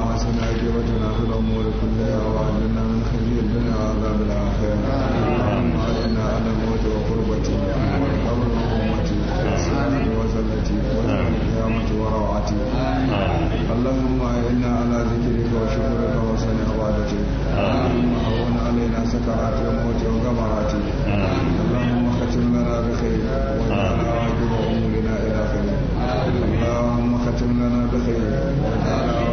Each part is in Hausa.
وحسن عاقبتنا في الأمور كلها وأجرنا من خزي الدنيا وعذاب الآخرة اللهم أعنا على الموت وقربتي وقبر مقومتي وسعادة وزلتي والقيامة وروعتي اللهم أعنا على ذكرك وشكرك وحسن عبادتك اللهم هون علينا سكرات الموت وغمراتي اللهم ختم لنا بخير واجعل عاقب أمورنا إلى خير اللهم ختم لنا بخير واجعل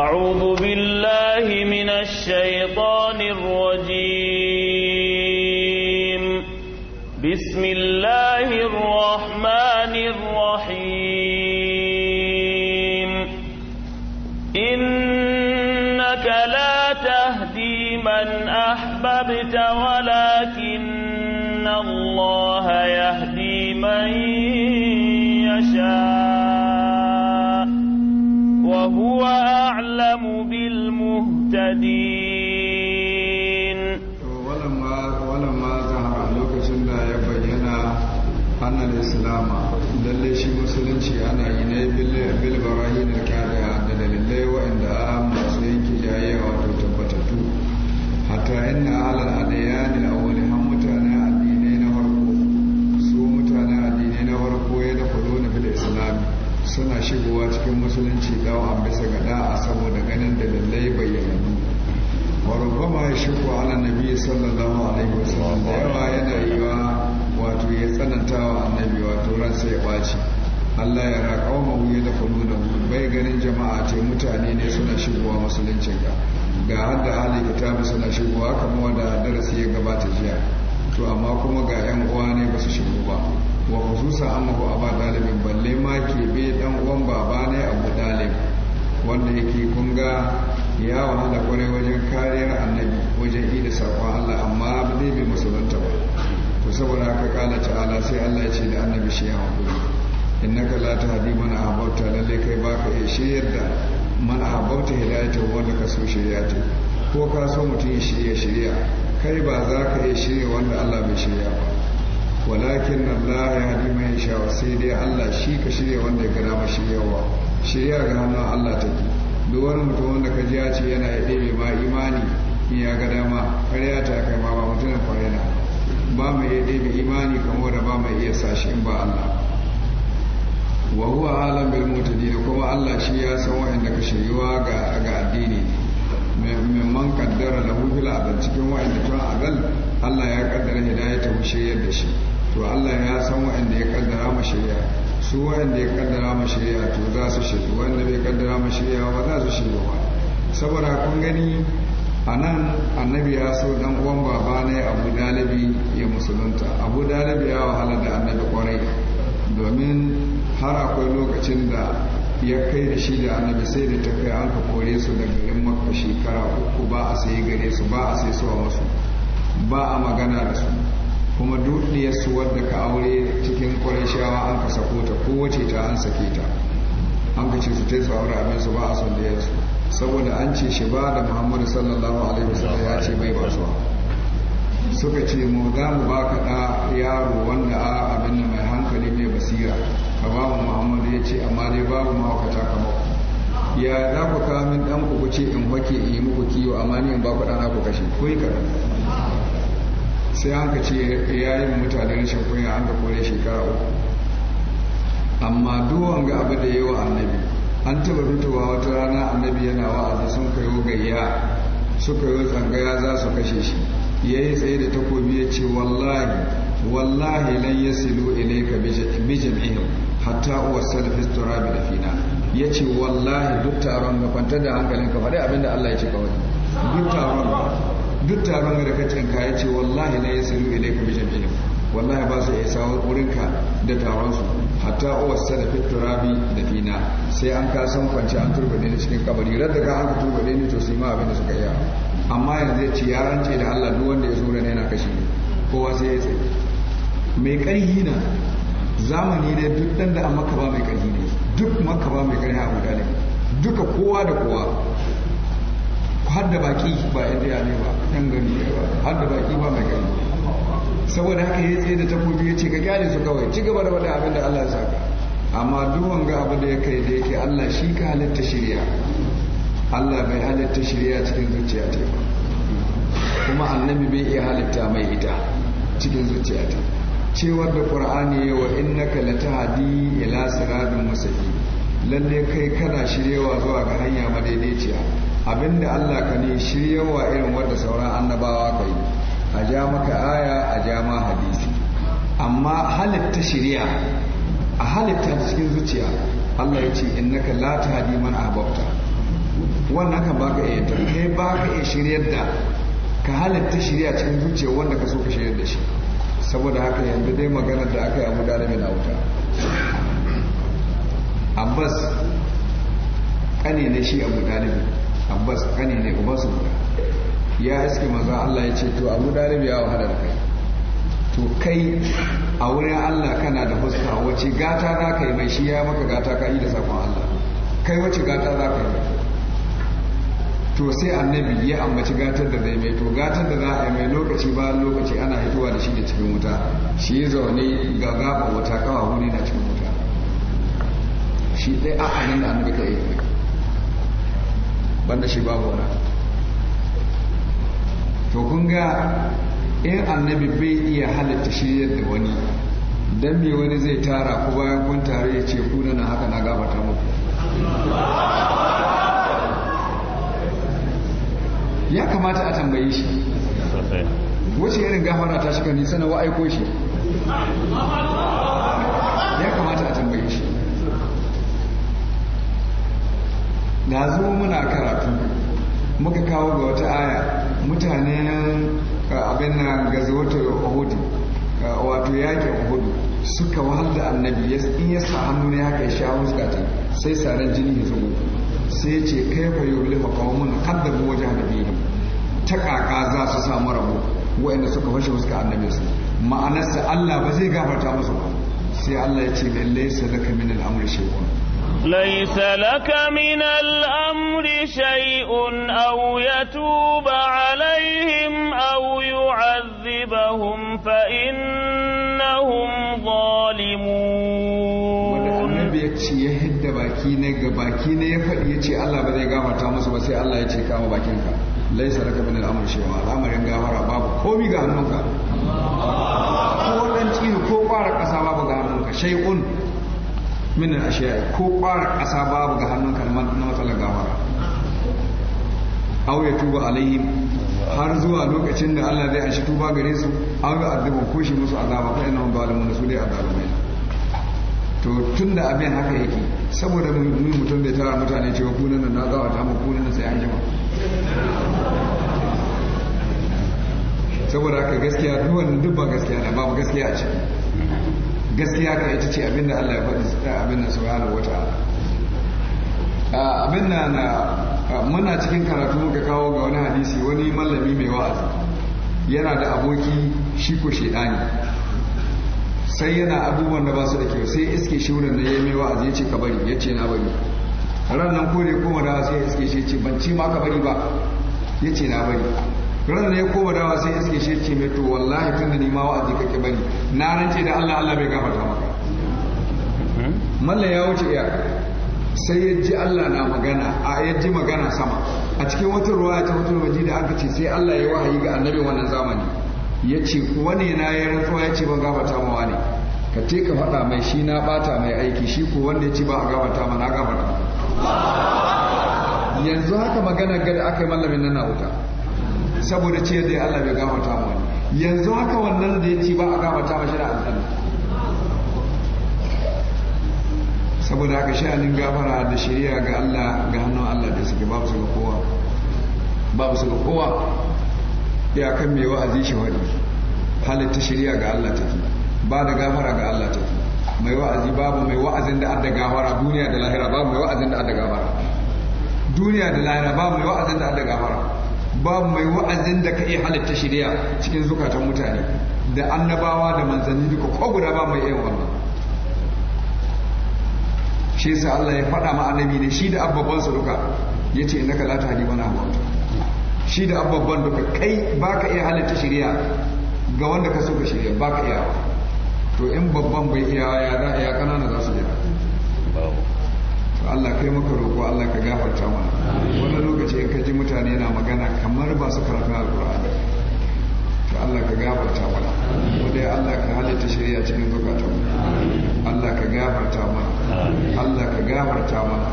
أعوذ بالله من الشيطان الرجيم بسم الله الرحمن الرحيم إنك لا تهدي من أحببت ولكن الله يهدي مهتدين ولما ولما ظهر لوكشن دا يبينا أن الإسلام lalle shi musulunci ana yi ne bil barahin al-kariya da dalilai wa'anda masu yanke jayayya wato tabbatattu hatta inna alal adiyan al-awwal ham mutane addinai na farko su mutane addinai na farko ya da kullu na bil islam suna shigowa cikin musulunci dawa bisa ga da'a saboda wa rubama ya shiko ala nabi sallallahu alaihi da yawa yana yiwa wato ya tsananta wa annabi wato ransa ya baci Allah ya ra qaumahu ya da bai ganin jama'a ce mutane ne suna shigowa musuluncin ga ga hadda ahli kitabi suna shigowa kamar wanda darasi ya gabata jiya to amma kuma ga yan uwa ne ba su shigo ba wa khususan annahu aba dalibin balle ma ke be dan uwan baba ne abu dalib wanda yake ga. ya wahala kwarai wajen kariyar annabi wajen yi da saƙon Allah amma ba zai bi musulunta ba to saboda haka kala ta'ala sai Allah ya ce da annabi shi ya hankali innaka la tahdi man ahbabta lalle kai baka iya shiryar da man ahbabta hidayata wanda ka so shirya ta ko ka so mutum ya shirya shirya kai ba za ka iya shirya wanda Allah bai shirya ba walakin Allah ya hadi mai sai dai Allah shi ka shirya wanda ya gada ma shiryawa shirya ga hannun Allah take duk wani mutum wanda ka ji ya ce yana ya ɗebe ba imani in ya ga dama ƙarya ta kai ba ba mutum kwarai ba mai ya ɗebe imani kamar da ba mai iya sashi in ba Allah wa huwa alam bil mutadin kuma Allah shi ya san wa'anda ka shiryuwa ga addini min man kaddara lahu fil adal cikin wa'anda tun adal Allah ya kaddara hidayata mu shiryar da shi to Allah ya san wa'anda ya kaddara mu shirya su wanda ya kaddara mu shirya to za su shirya wanda bai kaddara mu shirya ba za su shirya ba saboda kun gani a nan annabi ya so dan uwan baba ne abu dalibi ya musulunta abu dalibi ya wahala da annabi kwarai domin har akwai lokacin da ya kai da shi da annabi sai da ta kai an ka kore su da garin makka shekara uku ba a sayi gare su ba a sai suwa wasu ba a magana da su kuma dukiyarsu wadda ka aure cikin ƙwarishawa an ka sako ta kowace ta an sake ta an ka ce su ta su aure abin su ba a son da saboda an ce shi ba da muhammadu sallallahu alaihi wasallam ya ce bai ba suwa suka ce mu za mu ba ka ɗa yaro wanda a abin da mai hankali mai basira ka ba mu muhammadu ya ce amma dai babu mahaukata kamar ya za ku kawo min ɗan ku ce in wake in yi muku kiwo amma ni in ba ku ɗan ku kashe ko yi kaɗan sai an ce ya yi mutane rashin kunya an ka kore shekara uku amma duwan ga abu da yawa annabi an taba fitowa wata rana annabi yana wa'azi sun kayo gayya suka yi tsangaya za su kashe shi ya yi tsaye da takobi ya ce wallahi wallahi lan yasilu ka bijin jam'ihim hatta uwa salafis turabi da fina ya ce wallahi duk taron ga kwanta da hankalin kafa. faɗi abinda Allah ya ce kawai duk taron duk taron da ka cinka ya ce wallahi na la yasiru ilayka bi ilim wallahi ba su isa wurinka da taron su hatta uwassa da Rabi da fina sai an ka san kwanci an turbade ni cikin kabari radda ka an turbade ni to sai ma abin da suka yi amma yanzu ya ce ya rance da Allah duk wanda ya zo ne yana kashi kowa sai ya tsaye mai karhi na zamani ne duk dan da an makaba mai karhi ne duk makaba mai karhi a guda duka kowa da kowa har da baki ba yadda ya ne ba yan gani ba har da baki ba mai gani saboda haka ya tsaye da takobi ya ce ka kyale su kawai ci gaba da wada abin da Allah ya saka amma duk wanga abu da ya kai da yake Allah shi ka halatta shirya Allah bai halatta shirya cikin zuciya ta ba kuma annabi bai iya halitta mai ita cikin zuciya ta cewar da qur'ani ya wa innaka latahdi ila siratin mustaqim lalle kai kana shiryawa zuwa ga hanya madaidaiciya abinda Allah ka ne shiryawa irin wadda sauran annabawa ka yi a ja maka aya a ja ma hadisi amma halitta shirya a halitta cikin zuciya Allah ya ce ka lati hadiman a bauta wannan kan ka iya kai ba ka iya shiryar da ka halitta shirya cikin zuciya wanda ka so ka shiryar da shi saboda haka yanzu dai maganar da aka yi abu da na wuta abbas kane na shi abu dalibi abbas kane ne ubansu guda ya iske maza allah ya ce to abu dalib ya wahala da kai to kai a wurin allah kana da huska wace gata za ka yi mai shi ya maka gata ka yi da sakon allah kai wace gata za ka yi to sai annabi ya ambaci gatar da zai mai to gatar da za a yi mai lokaci ba lokaci ana hituwa da shi da cikin wuta shi zaune ga gaba wata kawa wuri na cikin wuta shi ɗaya a hannun da annabi ka yi banda shi babu wani to kun ga in annabi bai iya halatta shi yadda wani don me wani zai tara ku bayan kun tare ya ce ku na haka na gabata muku ya kamata a tambaye shi wace irin gafara ta shi kan nisa na wa aiko shi ya kamata a tambaye da zo muna karatu muka kawo ga wata aya mutanen eh, abin nan wata hudu eh, wato yakin hudu suka wahal da annabi in ya sa hannu ne haka ya sha huska sai saran jini ya zo sai ce kai fa yuli fa mu wajen wajha nabiyyi ta kaka za su samu rabo wa'anda suka fashe huska annabi su ma'anarsa Allah ba zai gafarta musu ba sai Allah ya ce lallai sadaka min al-amri shay'un ليس لك من الأمر شيء أو يتوب عليهم أو يعذبهم فإنهم ظالمون baki ne ga baki ne ya faɗi ya ce Allah ba zai gafarta musu ba sai Allah ya ce kama bakinka laisa laka min al'amr shay'a al'amarin gafara babu komi ga hannunka ko dan ciwo ko babu ga hannunka min ashe ko ƙwara ƙasa babu ga hannun kalmar na matsalar gawara aw ya tuba alaihim har zuwa lokacin da Allah zai anshi tuba gare su aw ya addubu ko shi musu azaba fa innahum zalimun su dai azalumai to tun da abin haka yake saboda mu mutum bai tara mutane cewa kunan nan na zawa ta mu kunan sai an jima saboda haka gaskiya duk wannan duk ba gaskiya na babu gaskiya a ciki gaskiya ka ita ce abin da Allah ya faɗi abin nan subhanahu ta'ala abin nan muna cikin karatu muka kawo ga wani hadisi wani mallami mai wa'azi yana da aboki shi ko shedani sai yana abubuwan da ba su da kyau sai iske shi wurin da ya mai wa'azi ya ce ka bari ya ce na bari ran nan kore kuma da sai iske shi ya ce ban ci ma ka bari ba ya ce na bari ran ne ko dawa sai iske shi ce mai to wallahi da nima wa wa'azi kake bani na rance da Allah Allah bai gafarta maka hmm? malla ya wuce iya sai ya ji Allah na magana a ya ji magana sama a cikin wata ruwa ta wata waje da aka ce sai Allah ya wahayi ga annabi wannan zamani ya ce kuwa ne na ya rantsuwa ya ce ban gafarta ma wani ka ce ka faɗa mai shi na bata mai aiki shi ko wanda ya ce ba a gafarta ma na gafarta yanzu haka magana gada aka yi mallamin nan na wuta saboda ciyar da Allah bai gafarta mu wani yanzu haka wannan da ya ci ba a gafarta mashi da aljanna saboda haka anin gafara da shari'a ga Allah ga hannun Allah da suke babu su ga kowa babu su ga kowa ya kan mai wa'azi shi wani halitta shari'a ga Allah take ba da gafara ga Allah take mai wa'azi babu mai wa'azin da adda gafara duniya da lahira babu mai wa'azin da adda gafara duniya da lahira babu mai wa'azin da adda gafara babu mai wa'azin da ka iya halitta shirya cikin zukatan mutane da annabawa da manzanni duka ko guda ba mai iya wannan shi sa Allah ya faɗa ma annabi ne shi da su duka yace innaka la tahdi man ahbabta shi da abbabban duka kai baka iya halitta shirya ga wanda ka so ka shirya baka iya to in babban bai iya ya za ya kanana za su Allah kai maka roƙo Allah ka gafarta mana wani lokaci in ka ji mutane na magana kamar ba su karfin alƙur'ani to Allah ka gafarta mana wanda Allah ka halitta shirya cikin zukatan Allah ka gafarta mana Allah ka gafarta mana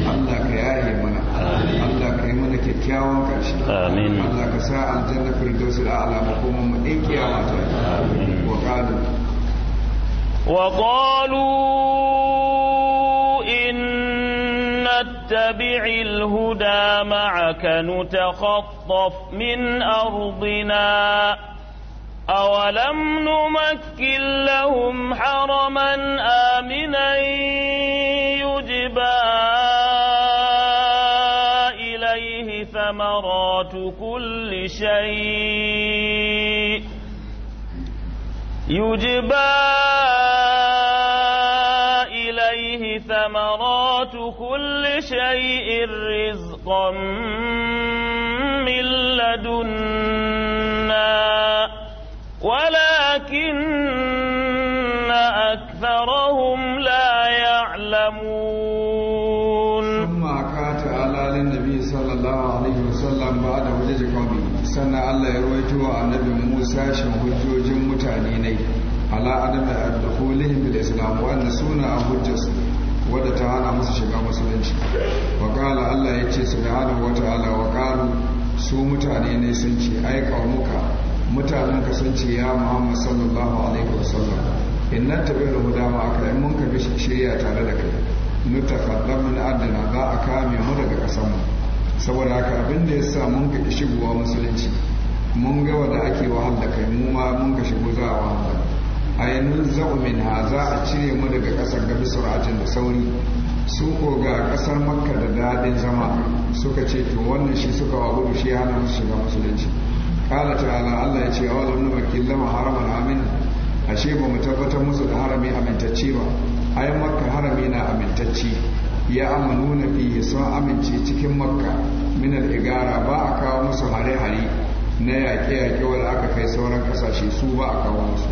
Allah ka yaye mana Allah ka yi mana kyakkyawan karshe amin Allah ka sa aljanna firdausul a'la makoman mu ɗin kiyama ta wa qalu wa qalu نتبع الهدى معك نتخطف من أرضنا أولم نمكن لهم حرما آمنا يجبى إليه ثمرات كل شيء يجبى رزقا من لدنا ولكن أكثرهم لا يعلمون ثم أكا على النبي صلى الله عليه وسلم بعد وجد قومي سنة الله يرويته عن النبي موسى شهجوج متعنيني على عدم دخولهم بالإسلام وأن سونا أهجس wadda ta hana musu waƙala Allah ya ce subhanahu wa waƙalu su mutane ne sun ce ai muka mutanen ka sun ce ya Muhammad sallallahu alaihi wasallam in ta tabi dama a aka yi mun kafi shirya tare da kai nuta faɗan adana za a kame mu daga ƙasar saboda haka abin da ya sa mun ka shigowa musulunci mun ga wanda ake wahal kai mu ma mun ka shigo za a wahala da ainihin min ha za a cire mu daga ƙasar gabi sur'atin da sauri su ko ga kasar makka da daɗin zama suka ce to wannan shi suka wa gudu shi hana musu shiga musulunci kala ta'ala Allah ya ce a nuna wakil haramun amin ashe ba mu tabbatar musu da harami amintacce ba ai makka harami na amintacce ya nuna fiye sun amince cikin makka minar igara ba a kawo musu hare-hare na yaƙe-yaƙe wanda aka kai sauran ƙasashe su ba a kawo musu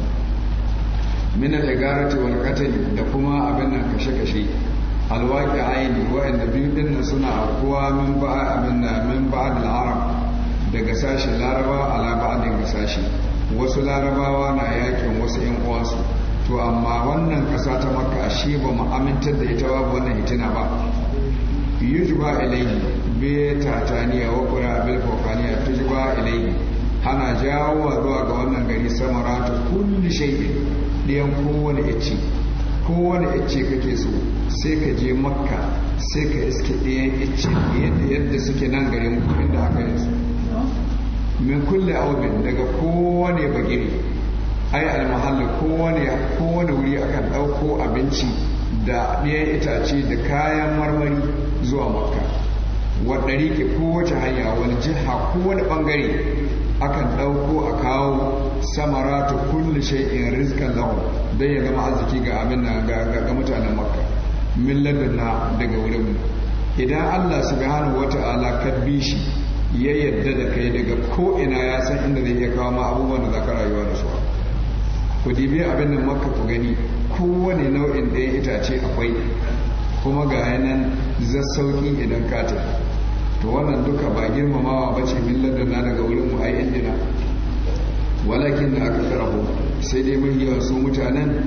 minar igara ce wal da kuma abin nan kashe-kashe alwaki aini wa'anda biyu dinnan suna akuwa min ba'a abin na min ba'ad arab daga sashen laraba ala ba'adin sashi wasu larabawa na yakin wasu yan uwansu to amma wannan ƙasa ta makka shi ba mu amintar da ita babu wannan hitina ba yujba ilayhi bi tataniya wa qura bil fawqaniya tujba ilayhi hana jawo zuwa ga wannan gari samaratu kulli shay'in diyan kowane ici kowane ce kake so sai ka je makka sai ka iske ɗayan icce yadda yadda suke nan garin mu. inda aka yi min kulle aubin daga kowane bagiri ai almahalli kowane kowane wuri akan ɗauko abinci da ɗayan itace da kayan marmari zuwa makka wadda rike kowace hanya wani jiha kowane ɓangare akan ɗauko a kawo samara ta kulle shay'in rizqan lahum dan ya gama arziki ga abin nan ga mutanen makka milladun na daga wurin idan Allah subhanahu wata'ala ka bi shi ya yadda da kai daga ko ina ya san inda zai iya kawo ma abubuwan da za ka rayuwa da su ku dibi abin nan makka ku gani kowane nau'in ɗaya itace akwai kuma ga yanan zassauki idan ka tafi to wannan duka ba girmamawa ba ce millar na daga wurin mu ai indina walakin da aka karahu sai dai mun yawan su mutanen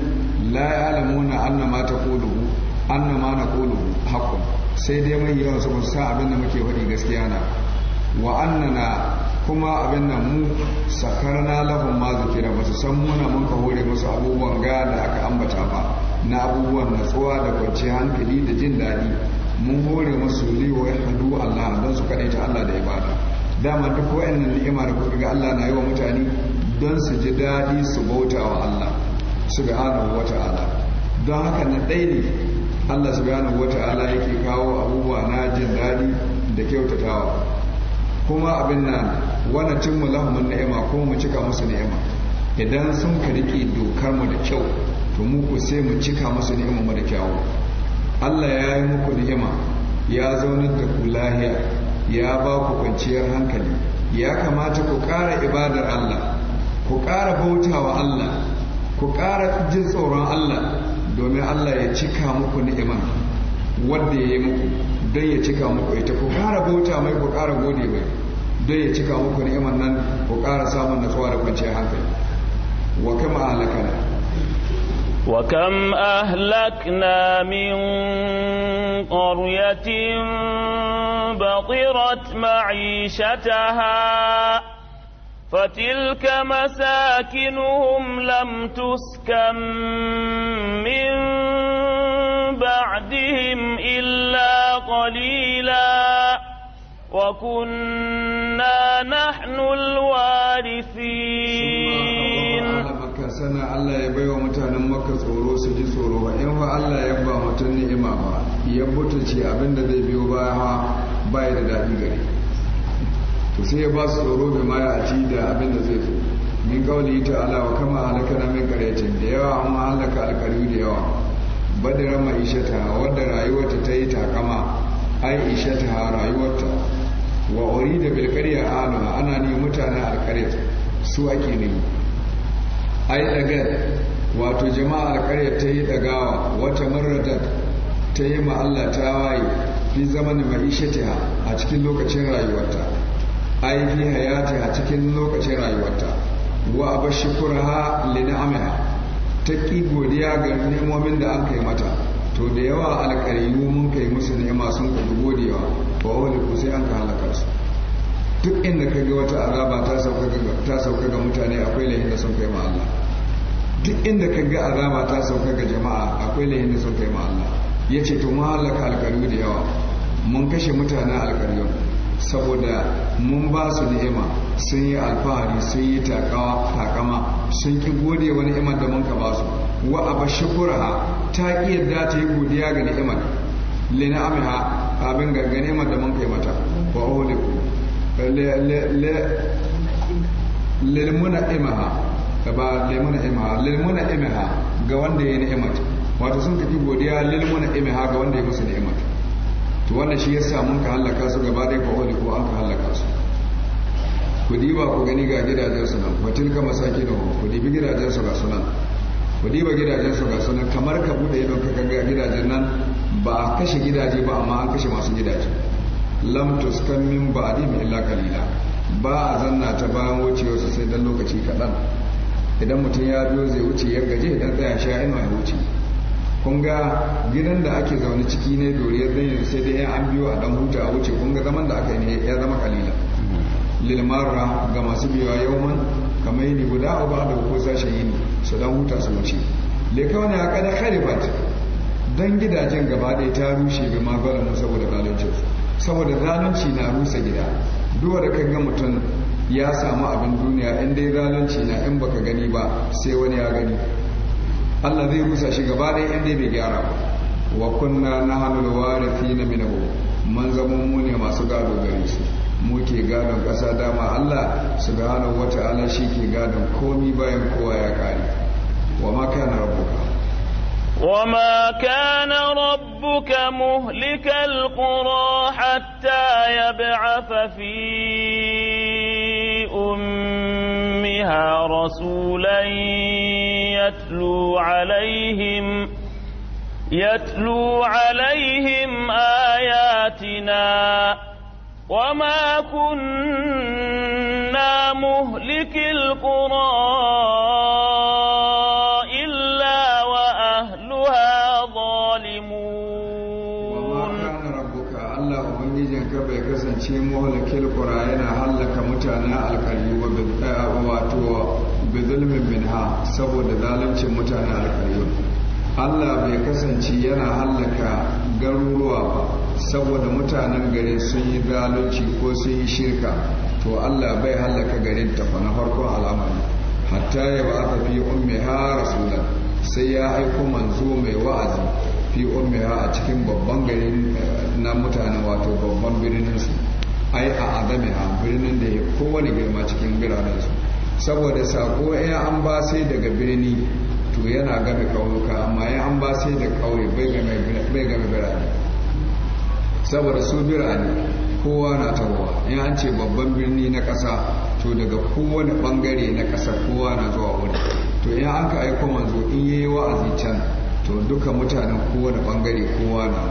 la na anna ma taquluhu anna ma naquluhu sai dai mun yawan su sa abin da muke wani gaskiya na wa annana kuma abin nan mu sakarna lahum ma zikira ba su san muna mun ka hore masu abubuwan ga da aka ambata ba na abubuwan natsuwa da kwanciyar hankali da jin daɗi mun hore masu liwa ya hadu Allah don su kaɗai ta Allah da ibada dama duk wa'annan ni'ima da kuɗi ga Allah na yi wa mutane don su ji daɗi su bauta wa Allah subhanahu wa ta'ala don haka na ɗaya ne Allah subhanahu wa ta'ala yake kawo abubuwa na jin daɗi da kyautatawa kuma abin nan wani cin mu lahumin ni'ima ko mu cika musu ni'ima idan sun ka riƙe dokar mu da kyau to mu ku sai mu cika musu ni'ima mu da kyau Allah ya yi muku ni'ima ya zaunar da ku lahiya ya ba ku kwanciyar hankali ya kamata ku ƙara ibadar Allah ku ƙara bautawa Allah ku ƙara jin tsoron Allah domin Allah ya cika muku ni'ima wadda ya yi muku don ya cika muku ita ku ƙara bauta mai ku ƙara gode mai don ya cika muku ni'iman nan ku ƙara samun natsuwa da kwanciyar hankali wa kama halakana وكم أهلكنا من قرية بطرت معيشتها فتلك مساكنهم لم تسكن من بعدهم إلا قليلا وكنا نحن الوارثين sannan Allah ya baiwa mutanen maka tsoro su ji tsoro ba in fa Allah ya ba mutum ni'ima ba ya butace abin da zai biyo baya ha baya da daɗi gari. to sai ya ba su tsoro bai ma ya da abin da zai zo min ta ala wa kama halaka na min karyacin da yawa an halaka alkaru da yawa badara ishata wadda rayuwarta ta yi takama ai ishata rayuwarta wa wuri da bilkarya alama ana ne mutanen alkaryar su ake nemi ai dagar wato jama'ar ƙarya ta yi dagawa wata marradar ta yi Allah ta waye fi zaman ma'ishatiha a cikin lokacin rayuwarta ai fi a cikin lokacin rayuwarta wa abashkurha li ni'amiha ta ki godiya ga ni'imomin da an yi mata to da yawa alƙariyu mun kai musu ni'ima sun ku godewa wa wani sai an ka halaka su duk inda ka ga wata azaba ta sauka ga mutane akwai lahin da sauka ma Allah duk inda ka ga azaba ta sauka ga jama'a akwai lahin da sauka ma Allah ya ce to mun halaka alkalu da yawa mun kashe mutane alkalun saboda mun ba su ni'ima sun yi alfahari sun yi takawa takama sun ki gode wani ni'imar da mun ka ba su wa aba shukura ta ki yadda ta yi godiya ga ni'imar lina amiha abin ga ni'imar da mun kai mata wa uhliku lilmuna imaha ba lilmuna imaha lilmuna imaha ga wanda ya ni'imata wato sun tafi godiya lilmuna imaha ga wanda ya musu ni'imata to wannan shi yasa mun ka halaka su gaba dai ko wani ko an ka halaka su ku diba ku gani ga gidajen su nan fatil ka masaki da ku dibi gidajen su ga su nan ku diba gidajen su ga su nan kamar ka bude ido ka ga gidajen nan ba a kashe gidaje ba amma an kashe masu gidaje lam tuskan min min illa kalila ba a zanna ta bayan wucewa su sai dan lokaci kaɗan idan mutum ya biyo zai wuce ya gaje idan tsaya sha ina ya wuce kun ga gidan da ake zaune ciki ne doriyar dan yanzu sai dai an biyo a dan huta a wuce kun ga zaman da aka yi ne ya zama kalila lilmarra ga masu yau man kamar yini guda a ba da ko sashen yini su dan huta su wuce wani ya kada kharifat dan gidajen gaba ɗaya ta rushe ga magwalamu saboda zaluncinsu saboda zalunci na rusa gida duwa da ga mutum ya samu abin duniya in dai zalunci na in baka gani ba sai wani ya gani Allah zai rusa shi gaba ɗaya in dai bai gyara ba wa kunna fi na minhu man zama mu ne masu gado gare su mu ke gadon ƙasa dama Allah su wata wata shi ke gadon komi bayan kowa ya kare wa ma na rabbuka وما كان ربك مهلك القرى حتى يبعث في أمها رسولا يتلو عليهم يتلو عليهم آياتنا وما كنا مهلك القرى saboda zaluncin mutane alkariyar Allah bai kasance yana hallaka garuruwa ba saboda mutanen gari sun yi zalunci ko sun yi shirka to Allah bai hallaka garin tafa na farkon al'amari hatta ya ba aka fi umme ha rasula sai ya haiku manzo mai wa'azi fi umme ha a cikin babban garin eh, na mutane wato babban birnin su, ai a azami a birnin da ya kowane girma cikin biranen su. saboda sako ya an ba sai daga birni to yana gami ƙauyuka amma ya an ba sai da ƙauye bai gami birane saboda su birane kowa na tawowa in an ce babban birni na ƙasa to daga kowane ɓangare na ƙasa kowa na zuwa wani to in an ka aiko manzo in yi wa'azi can to duka mutanen kowane ɓangare kowa na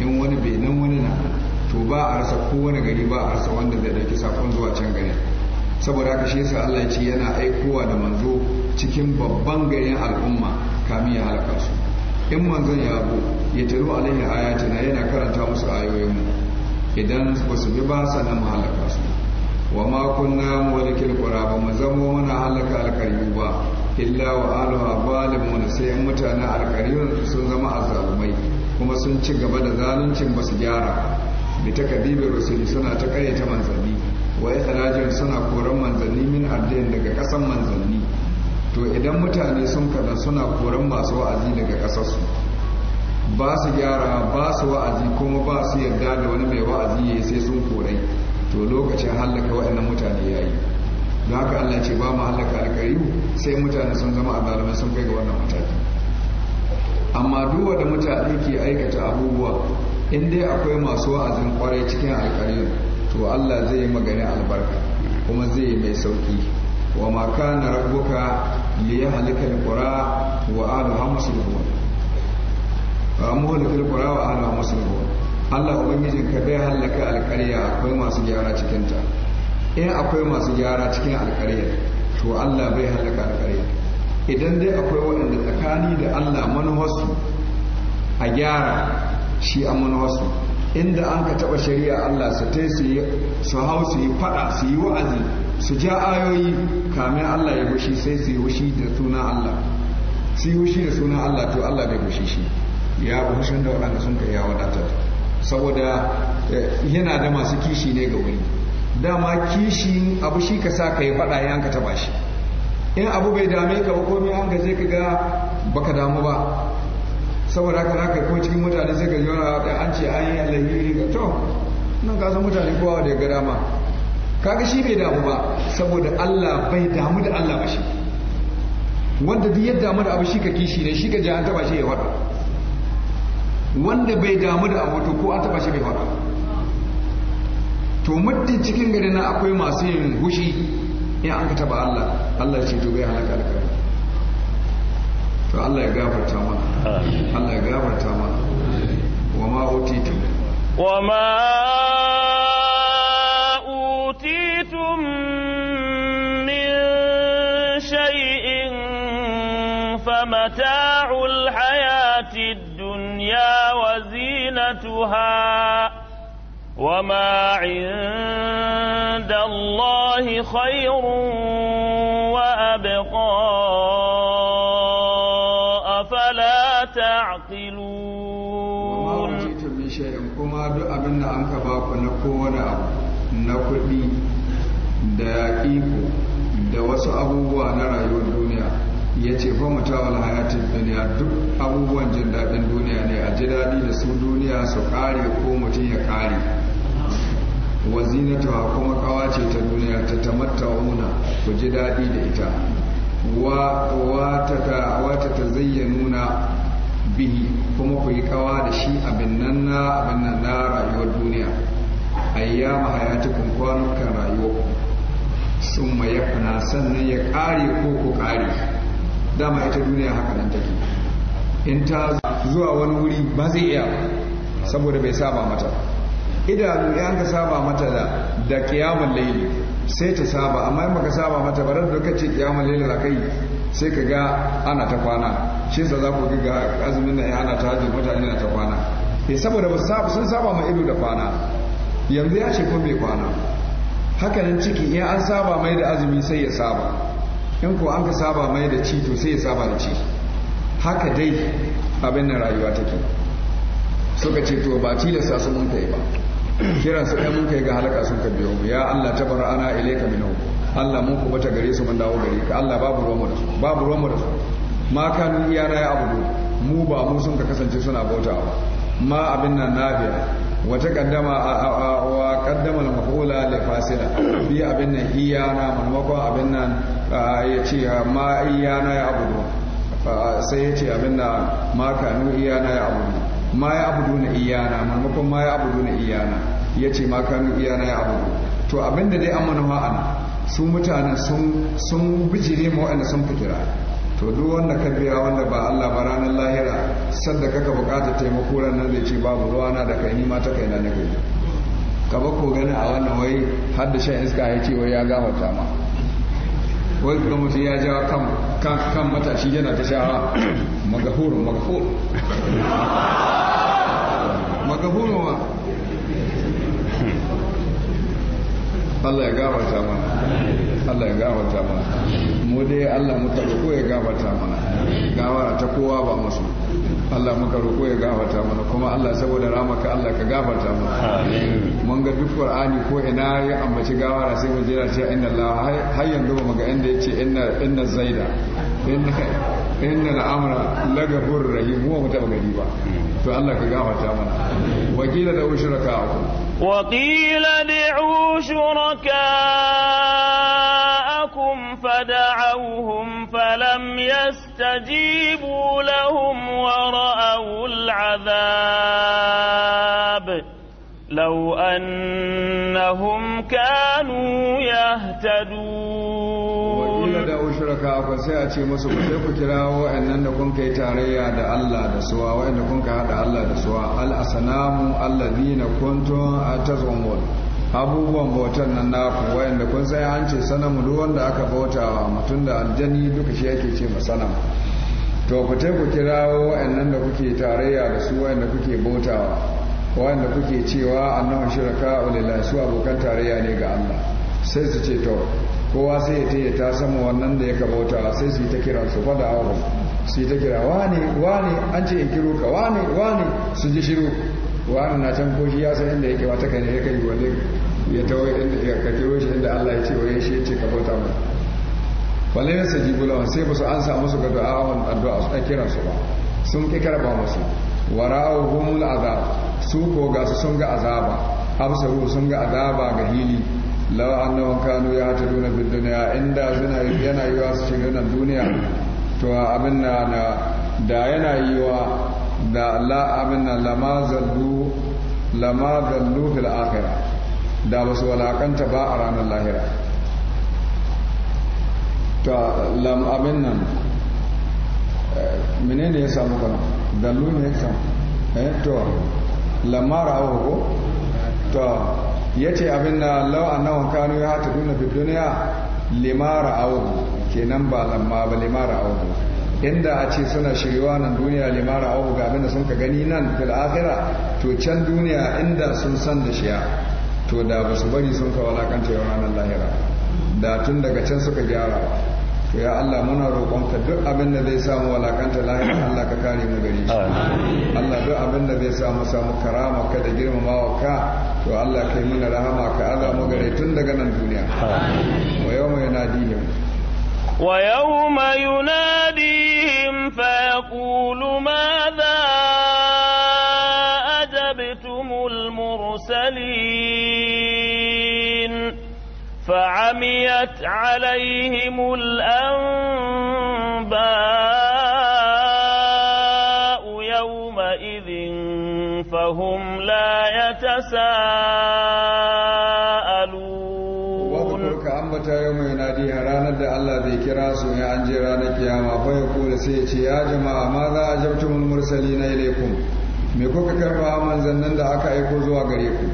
in wani benin wani na to ba a rasa kowane gari ba a rasa wanda zai ɗauki sakon zuwa can gari saboda haka shi yasa Allah ya ce yana aikowa da manzo cikin babban garin al'umma kamin ya halaka su in manzon ya abu ya taru alaihi ayatina yana karanta musu ayoyin idan ba su bi ba sanan mu halaka su wa ma kunna mulkil qura ba mu zamo muna halaka alkaryu ba illa wa aluha zalimuna sai mutanen alkaryun sun zama azzalumai kuma sun ci gaba da zaluncin ba su gyara bi takadibi rusuli suna ta kayyata manzanni wa ikhrajin suna koran manzanni min ardin daga kasan manzanni to idan mutane sun kada suna koran masu wa'azi daga kasarsu ba su gyara ba su wa'azi kuma ba su yarda da wani mai wa'azi ya sai sun korai to lokacin hallaka waɗannan mutane ya yi don haka allah ce ba mu hallaka alkariyu sai mutane sun zama a sun kai ga wannan mataki amma duwa da mutane ke aikata abubuwa in dai akwai masu wa'azin kwarai cikin alkariyun to Allah zai yi magani albarka kuma zai yi mai sauki wa ma kana rabbuka li yahlika alqura wa ahliha muslimun wa muhlika alqura wa ahliha muslimun Allah ubangijin ka bai halika alƙarya akwai masu gyara cikin ta in akwai masu gyara cikin alƙarya to Allah bai halika alƙarya idan dai akwai waɗanda tsakani da Allah manuwarsu a gyara shi a manuwarsu inda an ka taɓa shari'a Allah su ta su hau su yi faɗa su yi wa'azi su ja ayoyi kamin Allah ya gushi sai su yi wushi da suna Allah su yi wushi da suna Allah to Allah bai gushi shi ya gushin da waɗanda sun kai ya wadatar saboda eh, yana da masu kishi ne ga wuri dama kishi abu shi ka sa ka yi faɗa ya ka taɓa shi in abu bai dame ka ba komai an ga zai ka ga baka damu ba saboda haka za ka ko cikin mutane sai ka ji wani abu an ce an yi alheri ga to nan ka san mutane kowa da ya ga dama kaga shi bai damu ba saboda Allah bai damu da Allah ba shi wanda duk yadda damu da abu shi ka kishi ne shi ka ji an taba shi ya faɗa wanda bai damu da abu to ko an taba shi bai faɗa to muddin cikin gari na akwai masu yin hushi in an ka taba Allah Allah ce to bai halaka alƙalmi to Allah ya gafarta mana Allah ya gafarta mana wa ma utitum wa ma utitum min shay'in famata'ul hayatid dunya wa zinatuha وما عند الله خير وأبقى na kuɗi da iko da wasu abubuwa na rayuwar duniya ya ce fa mutawal hayatin duniya duk abubuwan jin daɗin duniya ne a ji daɗi da su duniya su ƙare ko mutum ya ƙare wazinatawa kuma kawa ce ta duniya ta tamatta una ku ji daɗi da ita wata ta zayyanuna bihi kuma ku yi kawa da shi abin nan abin nan na rayuwar duniya ayyama hayatukum kwanukan rayuwa sun mayafana sannan ya kare ko ku kare dama ita duniya haka nan take in ta zuwa wani wuri ba zai iya saboda bai saba mata idanu ya ka saba mata da da kiyamun laili sai ta saba amma in baka saba mata ba da kace kiyamun laili la kai sai ka ga ana ta kwana shi sa za ku ga azumin nan ana ta hajji mutane na ta kwana sai eh, saboda sun saba ma ido da kwana yanzu ya ce kuma bai kwana hakanan ciki in an saba mai da azumi sai ya saba in ko an ka saba mai da ci to sai ya saba da ci haka dai abin na rayuwa take suka ce to ba tilasta su mun kai ba kiran su ɗan mun kai ga halaka sun ka biyo ya Allah tabara ana ilaika minhu Allah mun kuma ta gare su mun dawo gare ka Allah babu ruwan mu da su babu ruwan mu da su ma kanu iyana ya abudu mu ba mu sun ka kasance suna bautawa ma abin nan nabiya. wata kaddama wa kaddama al-maf'ula li fasila bi abin nan iyana man mako abin nan ya ce ma iyana ya abudu sai ya ce abin nan ma kanu iyana ya abudu ma ya abudu na iyana man mako ma ya abudu na iyana ya ce ma kanu iyana ya abudu to abin da dai an mana ma an su mutanen sun sun bijire mu wa'anda sun fikira to duk wanda ka biya wanda ba Allah ba ranar sanda kaka bukatar taimako ranar da ce babu ruwa na da kai nima ta kai na nake ka ba ko gani a wannan wai har da shan iska ya ce wai ya gafarta ma wai kuma mutu ya jawa kan kan matashi yana ta shawa magahuru magahuru magahuru ma Allah ya gafarta mana Allah ya gafarta mana mu dai Allah mu ko ya gafarta mana gawara ta kowa ba musu Allah muka roƙo ya gafarta mana kuma Allah saboda ramaka Allah ka gafarta mana mun ga duk Qur'ani ko ina ya ambaci gawara sai mu jira ce inna Allah har yanzu ba ga inda yace inna inna zaida inna rahim mu ta ba to Allah ka gafarta mana wakila da ushraka wa qila da'u shuraka فاستجيبوا لهم ورأوا العذاب لو أنهم كانوا يهتدون وإلا دعوا شركاءكم سيأتي مسو كتبك تراو أنكم كي تاريا دا الله دا وأنكم كهذا الله دا سوا الأصنام الذين كنتم تزعمون abubuwan bautan nan naku wayanda kun sai an ce sanamu duk wanda aka bautawa mutum da aljani duka shi yake ce sanamu to ku tai ku kirawo wayannan da kuke tarayya da su wayanda kuke bautawa wayanda kuke cewa annahu shiraka lillahi su abokan tarayya ne ga Allah sai su ce to kowa sai ya taya ta samu wannan da yaka bautawa sai su yi ta kira su fada awu su yi ta kira wani wani an ce in kiro ka wani wani su ji shiru wani na can ko shi ya san inda yake wata kan ya kai wani ya tawo inda ya kaje shi inda Allah ya ce wa shi ya ce ka bauta mu wallahi ya saji bula sai ba su ansa musu ga du'a addu'a su kiran su ba sun ki karba musu wara'uhum al'azab su ko ga su sun ga azaba absaru sun ga azaba ga hili law annahum kanu yahtaduna bid dunya inda suna yana yiwa su shiga nan duniya to abin na da yana yiwa da Allah abin nan lama zallu lama zallu fil akhirah da ba su walakanta ba a ranar lahira ta lam abin nan eh, menene ya samu kana dallu ne ya samu eh to lamma ra'ahu ko to yace abin da law annahum kanu yahtaduna fid dunya lima ra'ahu kenan ba lamma ba lima ra'ahu inda a ce suna shirewa nan duniya limara abu ga abinda sun ka gani nan fil akhirah to can duniya inda sun san da shiya to da ba su bari sun ka walakanta yau ranar lahira da tun daga can suka gyara to ya Allah muna roƙonka duk abin da zai samu walakanta lahira Allah ka kare mu gari Allah duk abin da zai samu samu karama ka da wa ka to Allah kai muna rahama ka mu gare tun daga nan duniya wa yawma yanadihim ويوم يناديهم فيقول ماذا أجبتم المرسلين فعميت عليهم الأنباء يومئذ فهم لا يتساءلون ya jama'a ma za a jabtumul na ilaikum me kuka karba manzannin da aka aiko zuwa gare ku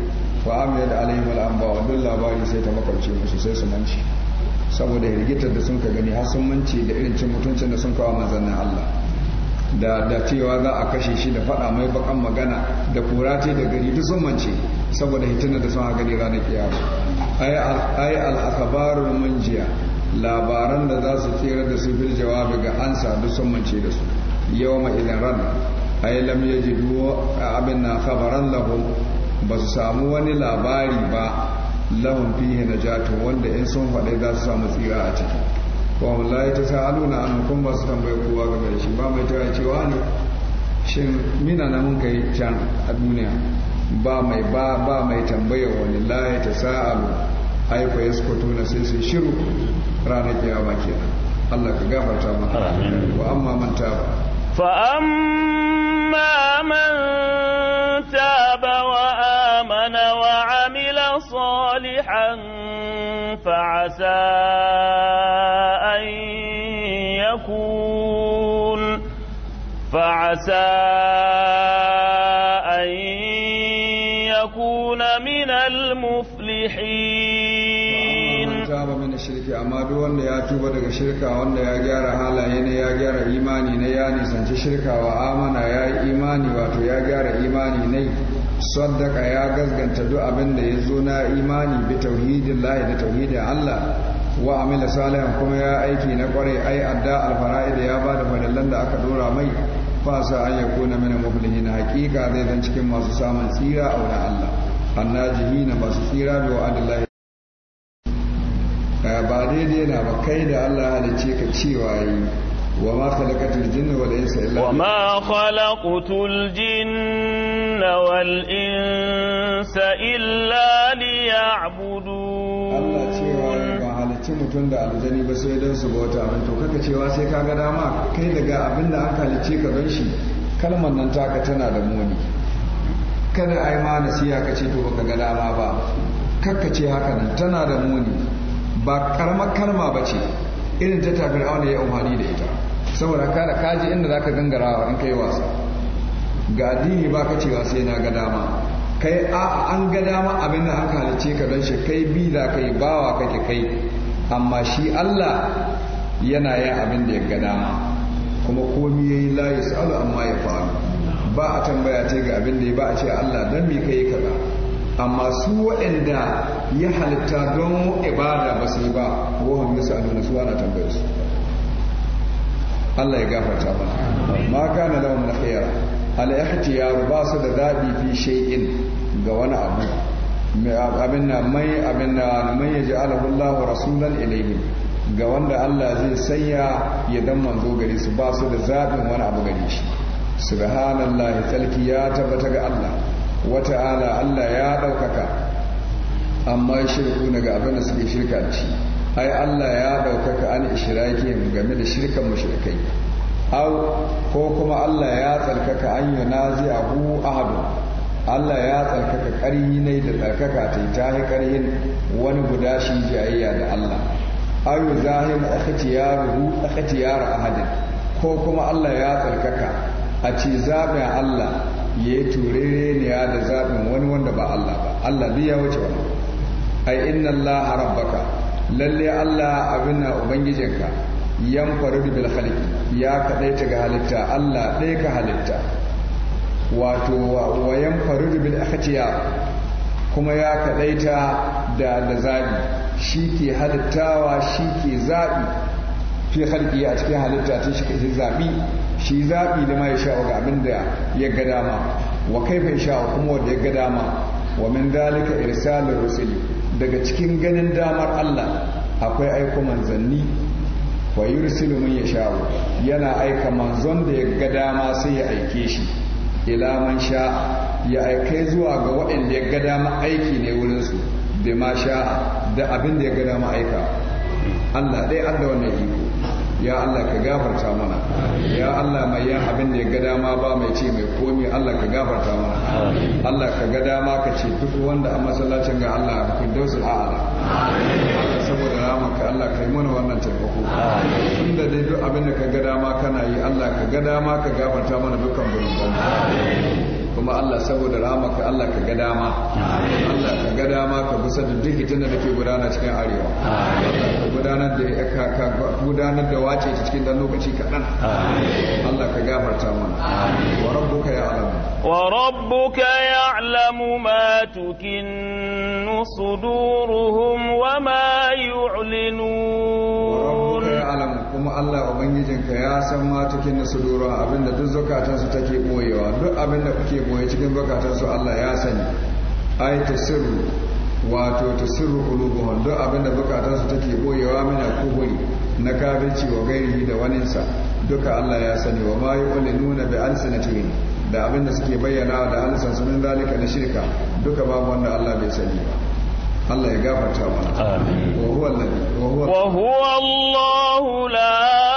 fa da alaihim al'amba wa duk labari sai ta makwabce musu sai su manci saboda hirgitar da sun ka gani har sun manci da irin cin mutuncin da sun kawo manzannin Allah da da cewa za a kashe shi da faɗa mai bakan magana da kura ce da gari duk sun manci saboda hitinar da sun ha gani ranar kiyama ayi al akhbarul munjiya labaran da za su tsere da su bil jawabi ga ansa duk sun mance da su yau ma idan ran ai lam yajidu abin na khabaran lahum ba su samu wani labari ba lahum fihi najatu wanda in sun faɗi za su samu tsira a ciki wa wallahi ta sa'aluna an kun ba su tambaye kowa game shi ba mai tawaya cewa ne shin mina na mun kai can a duniya ba mai ba ba mai tambaya wani layi ta ta sa'alu ai fa yaskutu na sai sai shiru ranar kiyama kenan Allah ka gafarta mana wa amma man taba fa amma man taba wa amana wa amila salihan fa asa an yakun fa asa tuba daga shirka wanda ya gyara halaye ne ya gyara imani ne ya nisanci shirka wa amana ya yi imani wato ya gyara imani ne saddaka ya gasganta duk abin da ya zo na imani bi tauhidin lahi da tauhidin Allah wa amila salihan kuma ya aiki na kwarai ai adda da ya ba da farillan da aka dora mai fasa an kuna min muflihin haƙiƙa zai zan cikin masu samun tsira a wani Allah na masu tsira bi wa'adillahi ba daidai na ba kai da Allah halice ka cewa yi wa ma khalaqatul jinna wal insa illa wa ma khalaqatul jinna wal insa illa liya'budu Allah cewa ba halicci mutum da aljani ba sai don su bauta mun to kaka cewa sai ka ga dama kai daga abinda an halicce ka don shi kalmar nan taka tana da muni kada ai ma nasiha ka ce to baka ga dama ba kakkace haka nan tana da muni ba karamar kalma ba ce irin ta tafi auna ya umarni da ita saboda kada kaji inda zaka gangara in kai wasa ga addini ba ka cewa sai na ga dama kai a an ga dama abin da aka halice ka don shi kai bi za ka yi bawa kake kai amma shi Allah yana yin abin da ya ga dama kuma komi ya yayi su alu amma ya faru ba a tambaya ce ga abin da ya ba a ce Allah don me kai kaza amma su waɗanda ya halitta don ibada ba su yi ba wahon yasa nuna su na tambayar su Allah ya gafarta ba ma kana lahum na khiyar al ya ba su da daɗi fi shay'in ga wani abu abin na mai abin na mai ya ja'alahu Allah rasulan ilayhi ga wanda Allah zai sanya ya dan manzo gare su ba su da zabin wani abu gare shi subhanallahi talki ya tabbata ga Allah wata ala Allah ya ɗaukaka amma shirku daga abin da suke shirka ci ai Allah ya ɗaukaka an ishiraki game da shirkan mashirkai au ko kuma Allah ya tsarkaka an yi nazi abu ahadu Allah ya tsarkaka ƙarhi ne da tsarkaka ta ta yi ƙarhin wani guda shi jayayya da Allah au zahim akhtiyaru akhtiyar ahadin ko kuma Allah ya tsarkaka a ce zaɓin Allah ya yi turere ne da zaɓin wani wanda ba Allah ba Allah biya wuce wani ai inna Allah rabbaka lalle Allah abin na ubangijinka yan faru da halitti ya ta ga halitta Allah ɗaya ka halitta wato wa yan faru bil kuma ya ta da da zaɓi shi ke halittawa shi ke zaɓi fi halki a cikin halitta ta shi zaɓi shi zaɓi da ma ya sha ga abin da ya ga dama wa kaifa sha kuma wanda ya ga dama wa min dalika irsalur rusuli daga cikin ganin damar Allah akwai aiko manzanni wa yursilu man yasha yana aika manzon da ya ga dama sai ya aike shi ila man sha ya aike zuwa ga waɗanda ya ga dama aiki ne wurin su da ma sha da abin da ya ga dama aika Allah dai Allah wannan iko ya Allah ka gafarta mana ya Allah mai yan abin da ya ga dama ba mai ce mai komi Allah ka gafarta mana Allah ka ga dama ka ce duk wanda a masallacin ga Allah ka dausul a'ala saboda ramaka Allah ka yi mana wannan Tun da dai duk abin da ka ga dama kana yi Allah ka ga dama ka gafarta mana dukkan gurbin kuma Allah saboda rahamaka Allah ka ga dama Allah ka ga dama ka kusa da duk hitin da ke gudana cikin arewa gudanar da ka gudanar da wace ta cikin dan lokaci kaɗan Allah ka gafarta mana wa rabbuka ya alamu wa rabbuka ya'lamu ma tukinnu suduruhum wa ma yu'linun wa rabbuka ya'lamu kuma Allah ubangijinka ya san ma cikin nasudura abinda duk zukatansu take boyewa duk abinda kuke boye cikin zukatansu Allah ya sani ai sirru, wato ta sirru qulubuhum duk abinda zukatansu take boyewa mina kuhuri na kabinci wa gairi da waninsa duka Allah ya sani wa ma yu'linuna bi alsinatihim da abinda suke bayyana da alsansu min zalika na shirka duka babu wanda Allah bai sani ba الله يغفرت لنا وهو الذي وهو, وهو الله لا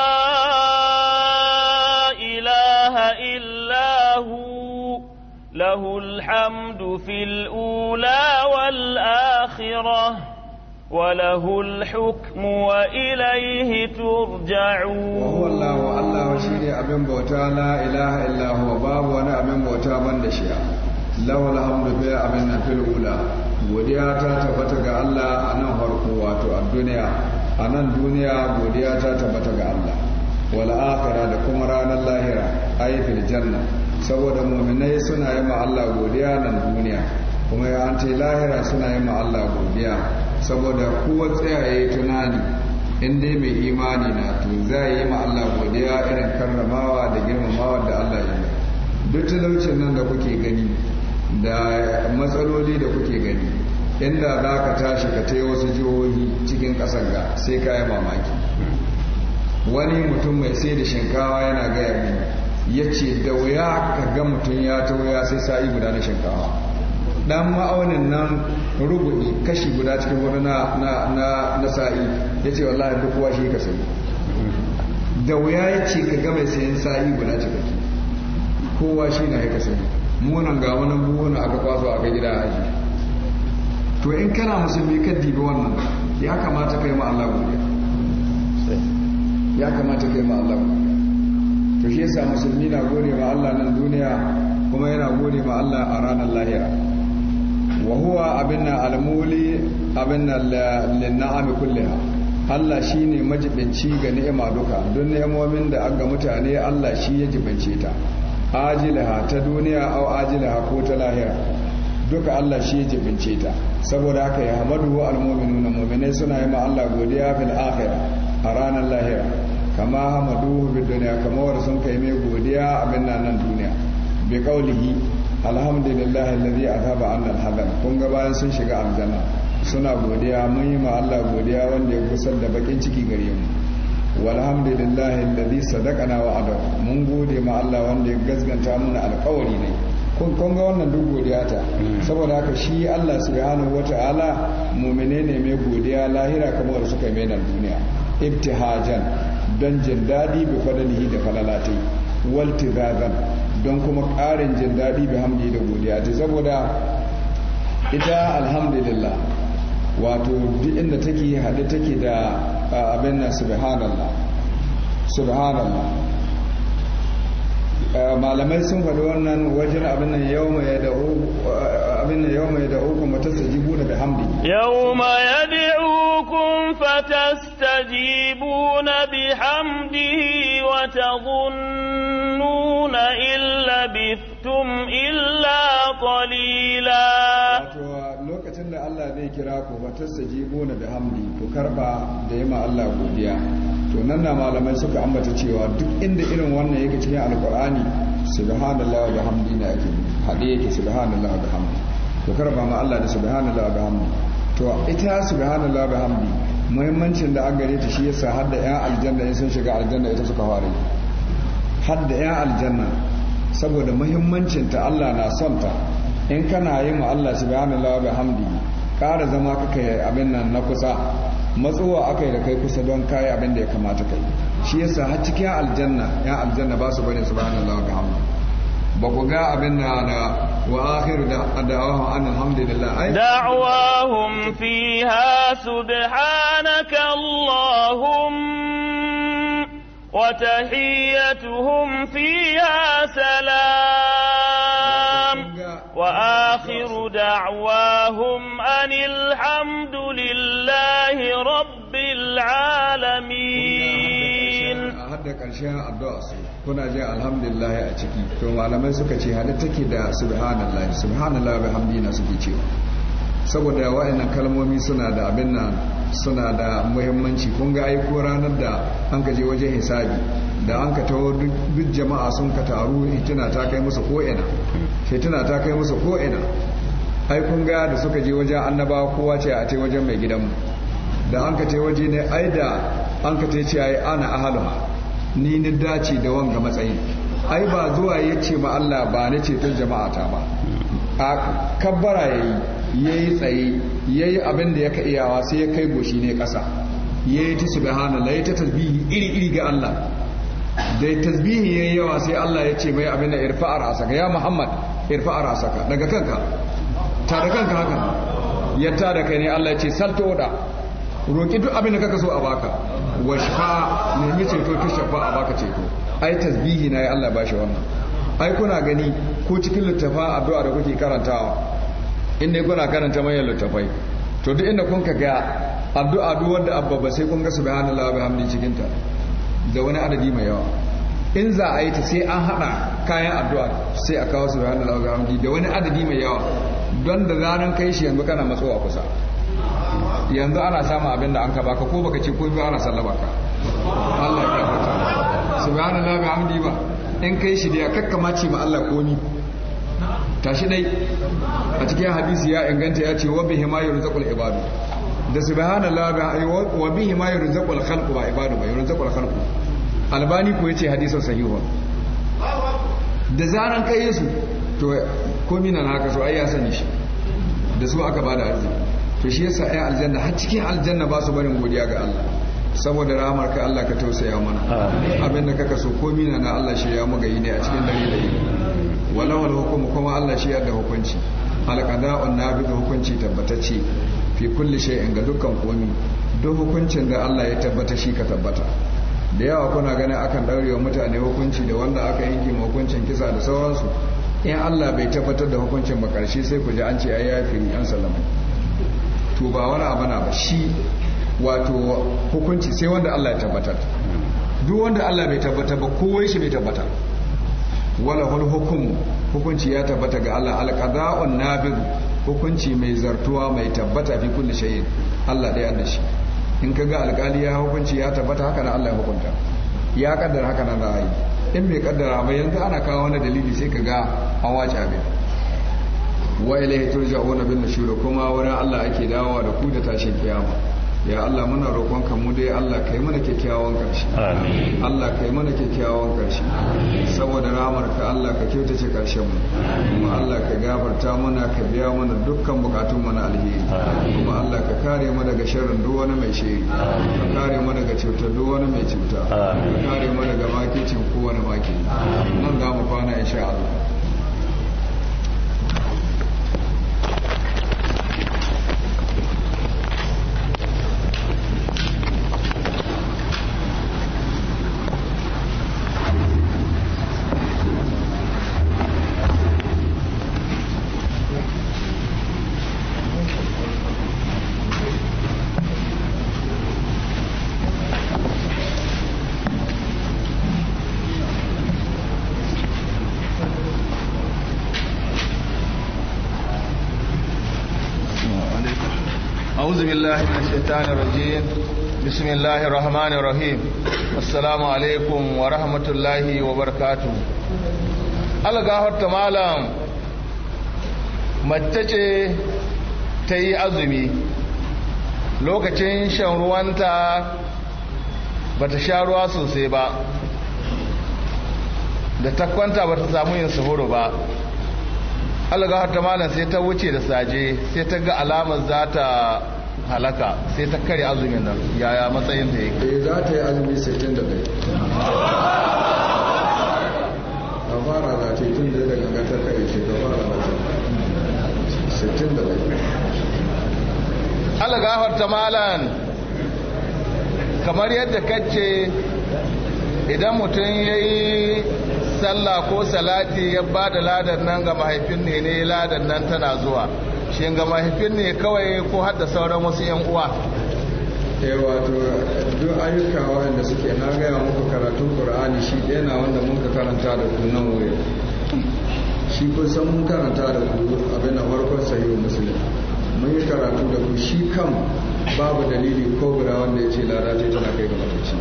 إله إلا هو له الحمد في الأولى والآخرة وله الحكم وإليه ترجعون وهو الله الله شيء أبن بوتا لا إله إلا هو باب وأنا أبن بوتا بندشيا له الحمد في أبن في الأولى godiya ta tabbata ga Allah a nan farko wato a duniya a nan duniya godiya ta tabbata ga Allah wal akhirah da kuma ranar lahira ay fil janna saboda mu'minai suna yi ma Allah godiya nan duniya kuma ya an lahira suna yi ma Allah godiya saboda kowa tsayaye tunani in dai mai imani na to zai yi ma Allah godiya irin karramawa da girmamawa da Allah ya duk talaucin nan da kuke gani da matsaloli da kuke gani inda za ka tashi ka ta wasu jihohi cikin ƙasar ga sai ka yi mamaki wani mutum mai sai da shinkawa yana gaya min ya ce da wuya ka ga mutum ya ta wuya sai sa'i guda na shinkawa dan ma'aunin nan rubuɗi kashi guda cikin wani na sa'i ya ce wallahi duk kuwa shi ka sayi da wuya ya ce ka ga mai sayan sa'i guda cikin kowa shi na ya ka sayi munan ga wani buhuna aka kwaso aka gida a aji to in kana musulmi ka dibi wannan ya kamata kai ma Allah godiya ya kamata kai ma Allah to shi yasa musulmi na gode ma Allah nan duniya kuma yana gode ma Allah a ranar lahira wa huwa na almuli abinna linna'ami kulliha Allah shi ne majibinci ga ni'ima duka don ni'imomin da an ga mutane Allah shi ya jibince ta ajilaha ta duniya au ajilaha ko ta lahira duka Allah shi ya jibince ta saboda haka ya hamadu wa na mu'minai suna yi ma Allah godiya fil akhirah a ranar lahira kama hamadu bi dunya kama war sun kai mai godiya abin nan nan duniya bi qaulihi alhamdulillahi alladhi athaba anna al kun ga bayan sun shiga aljanna suna godiya mun yi ma Allah godiya wanda ya kusar da bakin ciki gare mu walhamdulillahi alladhi sadaqana wa'ada mun gode ma Allah wanda ya gaskanta mana alƙawari ne kun ga wannan duk godiyata hmm. saboda haka shi Allah subhanahu wata'ala mumine ne mai godiya lahira kamar suka mai nan duniya ibtihajan don jin daɗi bi fadalihi da falalatai waltizazan don kuma ƙarin jin daɗi bi hamdi da godiya ta saboda ita alhamdulillah wato duk inda take haɗe take da abin nan subhanallah subhanallah Eh, malamai sun faɗi wannan wajen abin yau mai da abin hamdi yau mai da hukum fatastajibu da bihamdi yau ma yad'ukum hamdi wata wa illa bitum illa kwalila. wato lokacin da Allah zai kira ku fatastajibuna bihamdi ku karba da ma Allah godiya to nan na malamai suka ambata cewa duk inda irin wannan yake cikin alkur'ani subhanallahi wa bihamdihi na yake hade yake subhanallahi wa bihamdihi to karba ma Allah da subhanallahi wa bihamdihi to ita subhanallahi wa bihamdihi muhimmancin da an gare ta shi yasa har da yan aljanna in sun shiga aljanna ita suka fara yi har da yan aljanna saboda muhimmancin ta Allah na son ta in kana yi ma Allah subhanallahi wa bihamdihi ƙara zama kaka abin nan na kusa matsuwa aka yi da kai kusa don kayi abin da ya kamata kai shi yasa har cikin aljanna ya aljanna ba su bane subhanallah wa bihamdi ba ku ga abin na da wa akhiru da da'awahum an alhamdulillah ai da'awahum fiha subhanaka allahum wa tahiyyatuhum fiha salam wa akhiru da'awahum an hamdulillah العالمين hadda ƙarshen addu'a su kuna jin alhamdulillah a ciki to malamai suka ce hada take da subhanallah subhanallah wa hamdina suke cewa saboda wa'annan kalmomi suna da abin nan suna da muhimmanci kun ga ko ranar da an ka je wajen hisabi da an ka tawo duk jama'a sun ka taru hitina ta kai musu ko'ina hitina ta kai musu ina ai kun ga da suka je wajen annabawa kowa ce a ce wajen mai gidanmu da an kace waje ne ai da an kace ce ai ana ahaluha ni ni dace da wanga matsayin ai ba zuwa ya ce ma Allah ba ni ce tun jama'a ta ba a kabbara yayi yayi tsaye yayi abin da yaka iyawa sai ya kai goshi ne kasa yayi ta subhanallah yayi ta tasbihi iri iri ga Allah Da tasbihi yayi yawa sai Allah ya ce mai abin da irfa'a rasaka ya Muhammad irfa'a rasaka daga kanka ta da kanka haka ya ta da kai ne Allah ya ce salto da roƙi duk abin da kaka so a baka wa nemi ceto ki shafa a baka ceto ai tasbihi na ya Allah ba shi wannan ai kuna gani ko cikin littafa addu'a da kuke karantawa inda kuna karanta manyan littafai to duk inda kun ka ga addu'a duk wanda abba ba sai kun ga subhanallahi wa bihamdihi cikin ta da wani adadi mai yawa in za a yi ta sai an haɗa kayan addu'a sai a kawo subhanallahi wa bihamdihi da wani adadi mai yawa don da zaran kai shi yanzu kana matsowa kusa yanzu ana samun abin da an ka baka ko baka ce ko biyu ana sallaba ka Allah ya kafa subhanallah bi hamdi ba in kai shi da kakkamace ma Allah komi tashi dai a cikin hadisi ya inganta ya ce wa bihi ma yurzaqul ibadu da subhanallah wa bihi ma yurzaqul khalqu ba ibadu ba yurzaqul khalqu albani ko yace hadisin sahihu da zaran kai su to komi nan haka so ai ya sani shi da su aka bada arziki to shi yasa ai aljanna har cikin aljanna ba su barin godiya ga Allah saboda rahamar ka Allah ka tausaya mana abin da kaka so komi na na Allah shi ya muga yi ne a cikin dare da yini wala wala hukumu kuma Allah shi ya da hukunci alqada'un nabi da hukunci tabbatacce fi kulli shay'in ga dukkan komi duk hukuncin da Allah ya tabbata shi ka tabbata da yawa kuna ganin akan daurewa mutane hukunci da wanda aka yanke ma hukuncin kisa da sauransu in Allah bai tabbatar da hukuncin ba karshe sai ku ji an ce ai yafi an salama. to ba wani abu na ba shi wato hukunci sai wanda Allah ya tabbatar duk wanda Allah bai tabbatar ba kowai shi bai tabbata wala hul hukumu hukunci ya tabbata ga Allah alqada'un nabid hukunci mai zartuwa mai tabbata fi kulli shay'in Allah dai da shi in kaga alkali ya hukunci ya tabbata haka na Allah ya hukunta ya kaddara haka na ra'ayi in bai kaddara ba yanzu ana kawo wani dalili sai kaga an wace abin wa ilaihi turja'una bin nushur kuma wurin Allah ake dawowa da ku da tashin kiyama ya Allah muna roƙonka mu dai Allah kai mana kyakkyawan karshe amin Allah kai mana kyakkyawan karshe saboda ka Allah ka kyautace karshen mu kuma Allah ka gafarta mana ka biya mana dukkan bukatun mu na alheri kuma Allah ka kare mu daga sharrin duk wani mai shiri ka kare mu daga cutar duk wani mai cuta ka kare mu daga makicin kowane maki nan za mu kwana insha Allah بالله من الشيطان الرجيم بسم الله الرحمن الرحيم السلام عليكم ورحمة الله وبركاته algahar ta malam mace ce azumi lokacin shan ruwanta ba ta sha ruwa sosai ba da ta kwanta bata samu yin suhuru ba algahar ta malam sai ta wuce da saje sai ta ga alamar za ta halaka sai ta kare azumin nan yaya matsayin da yake eh za ta yi azumi 60 da kai a fara za ta yi tun da daga gangatar kare ce ta fara za ta yi 60 da kai Allah ta malan kamar yadda kacce idan mutum ya yi sallah ko salati ya ba da ladan nan ga mahaifin ne ne ladan nan tana zuwa shi ga mahaifin ne kawai ko har da sauran wasu 'yan uwa eh wato duk ayyuka waɗanda suke na gaya muku karatun ƙur'ani shi ɗaya na wanda muka karanta da ku nan wuri shi kun san mun karanta da ku abin da farkon sahihu musulun mun yi karatu da ku shi kan babu dalili ko guda wanda ya ce lada tana kai ga mataci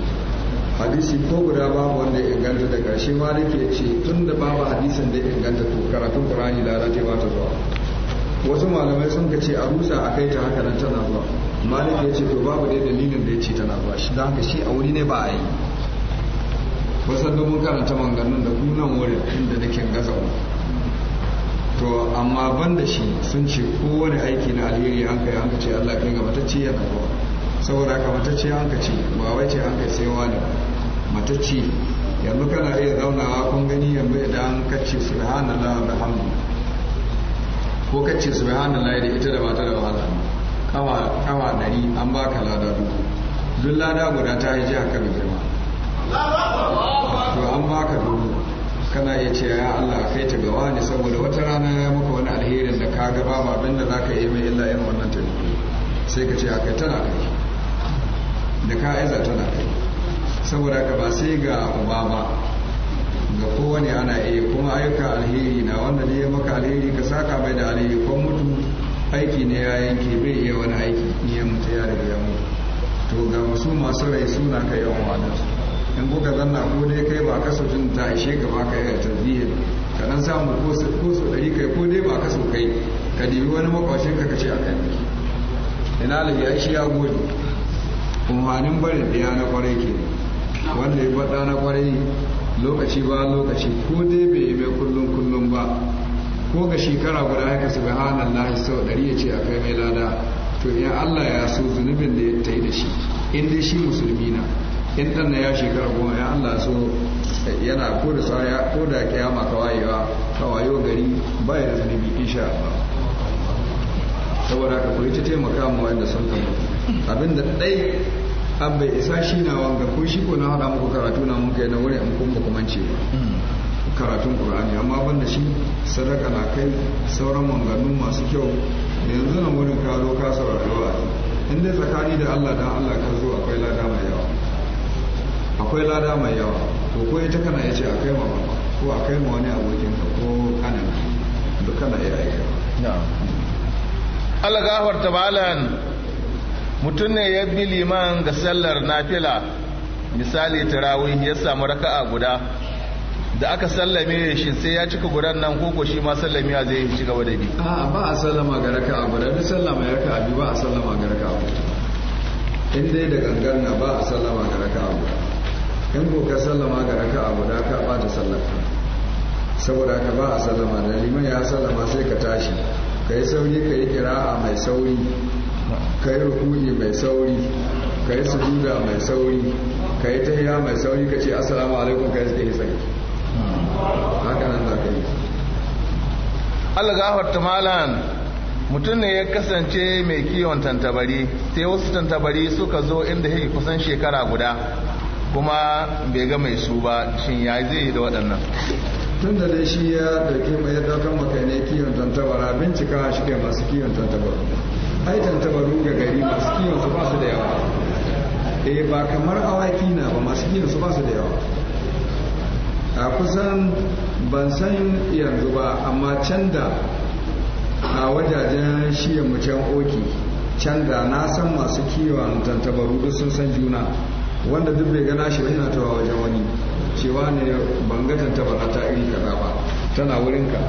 hadisi ko guda babu wanda ya inganta da shi malik ya ce tun da babu hadisin da ya inganta to karatun ƙur'ani lada ba ta zuwa wasu malamai sun ka ce a rusa a kai ta haka nan tana zuwa malik ya ce to babu dai dalilin da ya ce tana zuwa shi haka shi a wuri ne ba a yi wasu da mun karanta manganun da kunan wurin inda nake wa to amma ban da shi sun ce kowane aiki na alheri an kai an ka ce Allah kai ga matacce na zuwa saboda ka matacce an ka ce ba wai ce an kai sai wani matacce yanzu kana iya zaunawa kun gani yanzu idan ka ce subhanallah wa bihamdihi ko kacce su subhanallah da ita da mata da wahala kawa kawa dari an baka lada duku duk lada guda ta yi jiha kabi girma to an baka dubu kana iya ce ya Allah kai ta gawa ne saboda wata rana ya muka wani alherin da ka gaba ba abin da ka yi mai illa yin wannan taimako sai ka ce a kai tana kai da ka aiza tana kai saboda ka ba sai ga uba ba ga kowane ana iya kuma ayyuka alheri na wanda ne ya maka alheri ka saka mai da alheri ko mutu aiki ne ya yanke bai iya wani aiki ni ya mutu ya riga ya mutu to ga masu masu rai suna ka yi yawan su in kuka zanna ko dai kai ba jin ta ishe ka ba ka yi tarbiyyar ka dan samu ko su ɗari kai ko dai ba kaso kai ka dibi wani makwashin ka kace a kai ina lafi ai shi ya gode umarnin barin da ɗaya na kwarai ke wanda ya faɗa na kwarai lokaci ba lokaci ko dai bai yi mai kullum kullum ba ko ga shekara guda haka subhanallahi sau ɗari ya ce a kai mai lada to in Allah ya so zunubin da ya tayi da shi in dai shi musulmi na in dan na ya shekara goma ya Allah so yana ko da tsaya ko da kiyama kawayewa kawayo gari ba ya zunubi insha Allah saboda ka kuri ta taimaka mu wanda sun tabbata abinda ɗai abba bai isa shi na wanga ko shi ko na hada muku karatu na muka yana wuri an kuma kuma ce ba karatun qur'ani amma banda shi sadaka na kai sauran manganu masu kyau da yanzu na wurin ka zo ka inda tsakani da Allah dan Allah ka zo akwai lada mai yawa akwai lada mai yawa to ko ita kana yace a kai ma ko a ma wani abokin ka ko kanin na iya aika Allah mutum ne ya bi liman ga sallar nafila misali tarawih ya samu raka'a guda da aka sallame shi sai ya cika guran nan koko shi ma sallame ya zai ci gaba da bi a ba a sallama ga raka'a guda duk sallama ya raka'a bi ba a sallama ga raka'a guda in dai da gangan na ba a sallama ga raka'a guda in ko ka sallama ga raka'a guda ka bata sallar saboda ka ba a sallama da liman ya sallama sai ka tashi ka yi sauri ka yi kira'a mai sauri ka yi rukuni mai sauri ka yi sujuda mai sauri ka yi tahiya mai sauri ka ce assalamu alaikum ka yi tsaye tsaye haka nan za ka yi algafar tumalan mutum ne ya kasance mai kiwon tantabari sai wasu tantabari suka zo inda yake kusan shekara guda kuma bai ga mai su ba shin ya zai yi da waɗannan tun da dai shi ya dauke mai ya daukan makai ne kiwon tantabara bincika shi ke masu kiwon tantabara aitan tantabaru ga gari masu kiwon ba su da yawa eh ba kamar awaki na ba masu kiwon ba su da yawa a kusan ban san yanzu ba amma can da a wajajen shiyan mu can oki can da na san masu kiwon tantabaru duk sun san juna wanda duk bai gana shi ba yana tawa wajen wani cewa ne ban ga tantabara ta iri kaza ba tana wurinka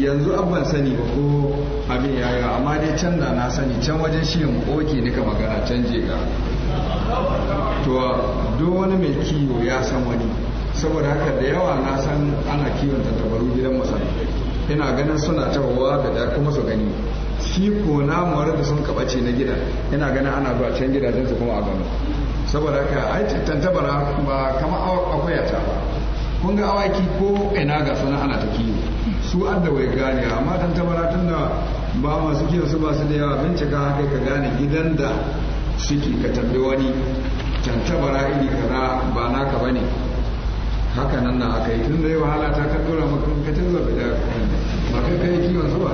yanzu abban sani ba ko abin ya yawa amma dai can da na sani can wajen shi mu oke nika magana can je ga to do wani mai kiwo ya san wani saboda haka da yawa na san ana kiwon tattabaru gidan masana ina ganin suna tahowa da da kuma su gani shi ko namuwar da sun kabace na gida ina ganin ana zuwa can gidajen su kuma a gano saboda haka ai tantabara ba kama akwai ta kun ga awaki ko ina ga suna ana ta kiwo su da wai gane amma tan tabara tun da ba masu kiyon su ba su da yawa bincika haka ka gane gidan da suke ka tambi wani tantabara iri kaza ba naka bane haka nan na aka yi tun da yi wahala ta ka dora maka ka canza da ba kai kai kiwon su ba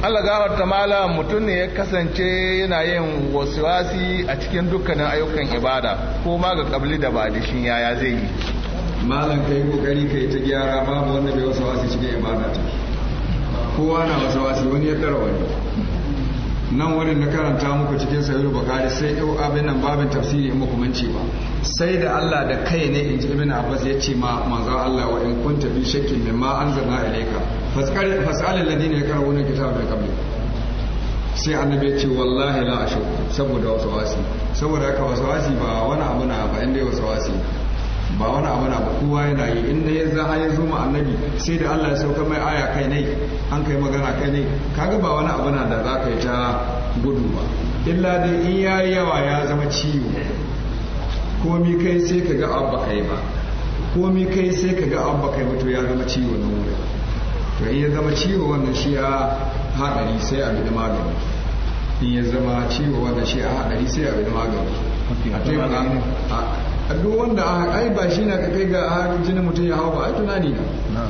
Allah gawar ta mala mutum ne ya kasance yana yin wasuwasi a cikin dukkanin ayyukan ibada ko ma ga kabli da ba da shi yaya zai yi malam ka yi kokari ka yi ta gyara babu wanda bai wasa wasu cikin ibada ta kowa na wasa wasu wani ya tsara wani nan wani na karanta muku cikin sayar bakari sai yau abin nan babin tafsiri in manci ba sai da Allah da kai ne in ji ibn abbas ya ce ma manzo Allah wa in kunta fi shakkin mimma anzalna ilayka fasqal fasqal alladhina yaqrauna kitaba min qabli sai annabi ya ce wallahi la ashuk saboda wasu wasu saboda haka wasu wasu ba wani abu na ba inda wasu wasu ba wani abu na ba kowa yana yi in ya za zuma zo annabi sai da Allah ya sauka mai aya kai ne an kai magana kai ne kaga ba wani abu na da za ka yi ta gudu ba illa dai in ya yi yawa ya zama ciwo komi kai sai ka ga abba kai ba komi kai sai ka ga abba kai mutu ya zama ciwo na wuri to in ya zama ciwo wannan shi ya haɗari sai a bi da magani in ya zama ciwo wannan shi ya haɗari sai a bi da magani a duk wanda a ai ba shi na ka kai ga har jinin mutum ya hau ba a tunani na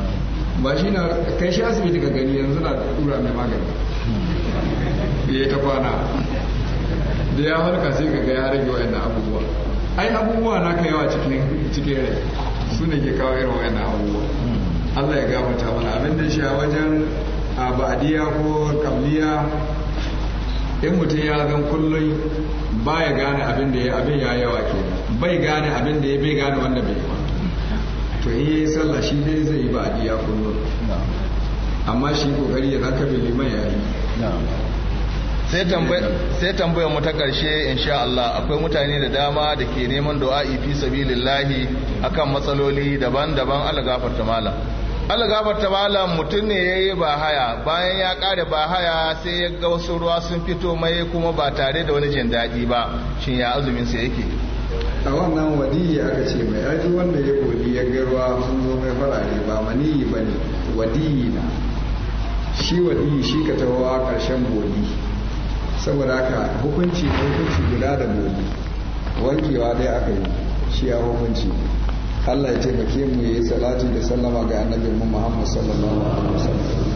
ba shi na kai shi asibiti ka gani yanzu na dura mai magani hmm. ya ta kwana da ya halka sai ka ga ya rage yana abubuwa ai abubuwa na ka yawa cikin cikin rai su ne ke kawo irin wa yana abubuwa hmm. Allah ya ta mana abin da shi a wajen abadiya ko kamliya in mutum ya zan kullum baya gane abin da ya abin ya yawa ke bai gane abin da ya bai gane wanda bai yawa to in yayi sallah shi ne zai yi ba'diya kullum amma shi kokari ya zaka bai liman ya yi sai tambayar mu ta karshe insha Allah akwai mutane da dama da ke neman du'a'i fi sabilillahi akan matsaloli daban-daban Allah gafarta malam algabar ta malam mutum ne ya yi bahaya bayan ya kare bahaya sai ya ga wasu ruwa sun fito mai kuma ba tare da wani jin daɗi ba shin ya azumin sa yake a wannan wadiyi aka ce mai aji wanda ya goli ya ga ruwa sun zo mai farare ba maniyi ba ne wadiyi na shi wadiyi shi ka taho karshen ƙarshen saboda haka hukunci hukunci guda da goli wankewa dai aka yi shi ya hukunci Allah ya taimake mu yi salati da sallama ga annabi Muhammad sallallahu alaihi wasallam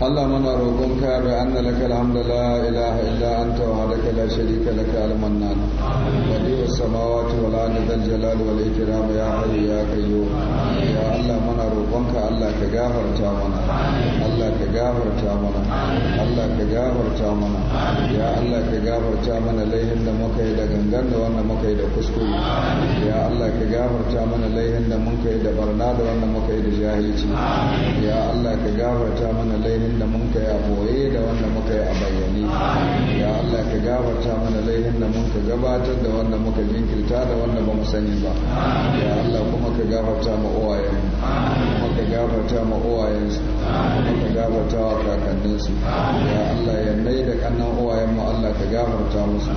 Allah muna roƙonka bai anna laka alhamdu la ilaha illa anta wa hadaka la sharika laka al-mannan badi'u samawati wal ardi dal jalal wal ikram ya hayyu ya qayyum ya Allah muna roƙonka Allah ka gafarta mana Allah ka gafarta mana Allah ka gafarta mana ya Allah ka gafarta mana laihin da muka yi da gangan da wanda muka yi da kuskure ya Allah ka gafarta mana da muka yi da barna da wanda muka yi da Allah ka mana laihin da mun kai a boye da wanda muka yi a bayyane ya Allah ka gabata mana laifin da mun ka gabatar da wanda muka jinkirta da wanda ba mu sani ba ya Allah kuma ka gabata ma uwayen kuma ka gabata ma uwayen su kuma ka gabata wa kakannin su ya Allah ya mai da kannan uwayen mu Allah ka gabata musu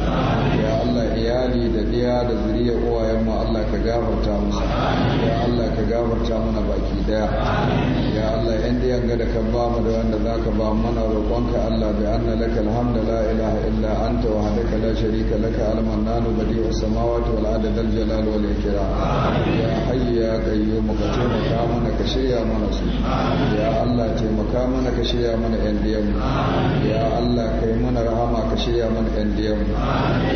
ya Allah iyali da diya da zuriya uwayen mu Allah ka gabata musu ya Allah ka gabata mana baki daya ya Allah yan diyan ga da ka ba mu da wanda da za ka ba mana roƙonka Allah bi anna laka illa anta wahdaka la sharika laka al-mannanu badi'u samawati wal adad al jalal wal ikram ya hayyu ya qayyum ka taimaka mana ka mana su ya Allah taimaka mana ka shirya mana indiyan ya Allah kai mana rahama ka shirya mana indiyan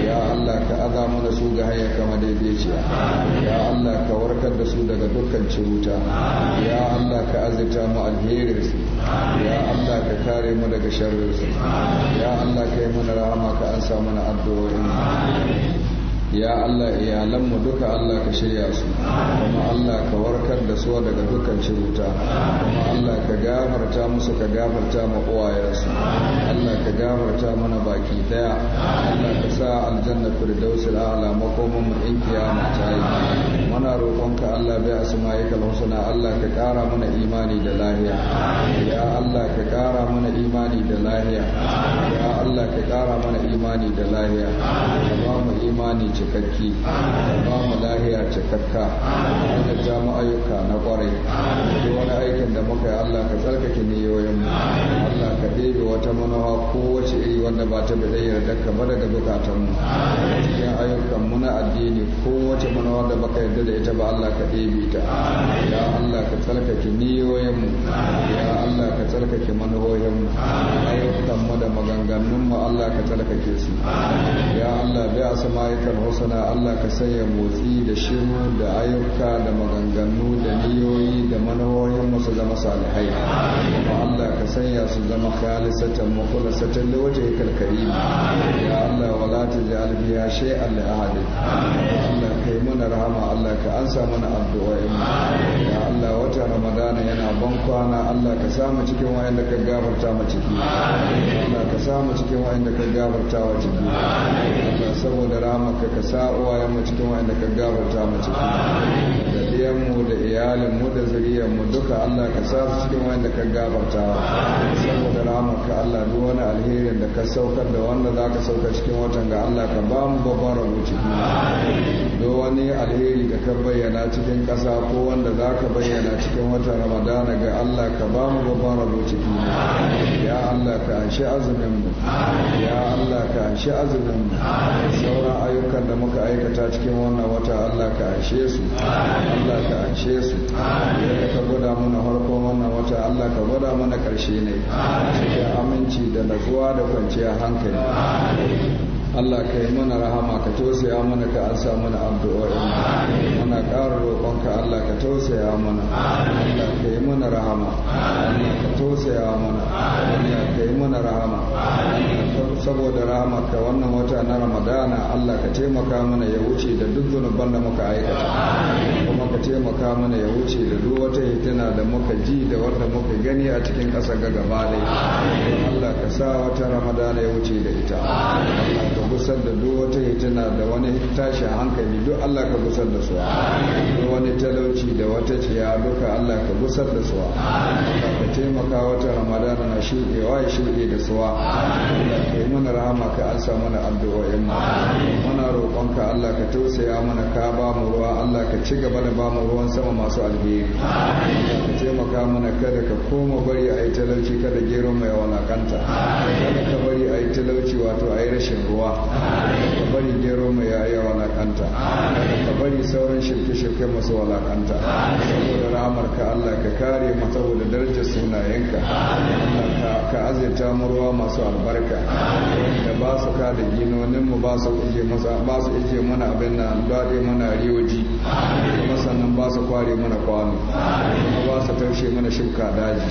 ya Allah ka aza mana su ga ya Allah ka warkar da su daga dukkan ya Allah ka azurta mu alherin Allah ka kare mu daga sharrinsu ya Allah ka yi mana rahama ka ansa mana mana addu'o'in ya Allah iyalanmu duka Allah ka shirya su kuma Allah ka warkar da su daga dukkan ciruta kuma Allah ka gafarta musu ka gafarta ma uwayensu Allah ka gafarta mana baki daya Allah ka sa aljanna firdausul a'la makomin mu in kiyama ta yi muna roƙonka Allah bai asma'ika al-husna Allah ka ƙara mana imani da lahiya ya Allah ka ƙara mana imani da lahiya ya Allah ka ƙara mana imani da lahiya ka ba mu imani cikakki ba mu lahiya cikakka da ta ayyuka na kwarai duk wani aikin da muka yi Allah ka tsarkake yoyin mu Allah ka ɗebe wata manawa wace iri wanda ba ta bada yarda ka ba daga bukatan mu cikin ayyukan mu na addini wace manawa da baka yarda da ita ba Allah ka ɗebe ta ya Allah ka tsarkake yoyin mu ya Allah ka tsarkake manawoyin mu ayyukan mu da maganganun mu Allah ka tsarkake su ya Allah bi asma'ikal anfusana Allah ka sanya motsi da shiru da ayyuka da maganganu da niyoyi da manawoyin mu su zama salihai kuma Allah ka sanya su zama khalisatan mukhlasatan liwajhikal karim ya Allah wala taj'al biha shay'an li ahad Allah kai mana rahama Allah ka ansa mana addu'o'in ya Allah wata ramadana yana ban kwana Allah ka samu cikin wayanda ka gafarta mu ciki Allah ka samu cikin wayanda ka gafarta wa ciki Allah saboda rahamaka ka sa uwayen cikin cikin wanda ka gafarta mu ciki da ɗiyan da iyalinmu mu da zuriyar mu duka Allah ka sa su cikin wanda ka gafarta saboda rahmar ka Allah duk wani alherin da ka saukar da wanda za ka sauka cikin watan ga Allah ka ba mu babban rabo ciki duk wani alheri da ka bayyana cikin ƙasa ko wanda za ka bayyana cikin watan Ramadana ga Allah ka ba mu babban rabo ciki ya Allah ka anshi azumin mu ya Allah ka anshi azumin mu sauran ayyukan da muka aikata cikin wannan wata Allah ka anshe su Allah ka ashe su yadda ka gwada mana harko wannan wata Allah ka gwada mana karshe ne cikin aminci da natsuwa da kwanciyar hankali Allah ka yi mana rahama ka tausaya mana ka ansa mana addu'o'in muna ƙara roƙonka Allah ka tausaya mana Allah ka yi mana rahama ka tausaya mana Allah ka yi mana rahama saboda rahamarka wannan wata na Ramadana Allah ka taimaka mana ya wuce da duk zunuban da muka aikata kuma ka taimaka mana ya wuce da duk wata hitina da muka ji da wanda muka gani a cikin ƙasa ga gaba Allah ka sa wata Ramadana ya wuce da ita gusar da duk wata hitina da wani a hankali duk Allah ka gusar da su da wani talauci da wata ciya duka Allah ka gusar da su ka taimaka wata ramadana na shirye ya shirye da suwa Allah ka yi mana rahama ka ansa mana addu'o'in mu muna roƙonka Allah ka tausaya mana ka ba mu ruwa Allah ka ci gaba da ba mu ruwan sama masu alheri ka taimaka mana kada ka koma bari a yi talauci kada gero mai walakanta kada ka bari a yi talauci wato a yi rashin ruwa ka bari gero mai yayi walakanta ka bari sauran shirke-shirke masu walakanta saboda ramar ka Allah ka kare mu saboda darajar sunayenka ka azirta murwa masu albarka da ba su ka da ginonin mu ba su ije ba su ije mana abin nan dade mana riyoji kuma sannan ba su kware mana kwano kuma ba su taushe mana shimka daji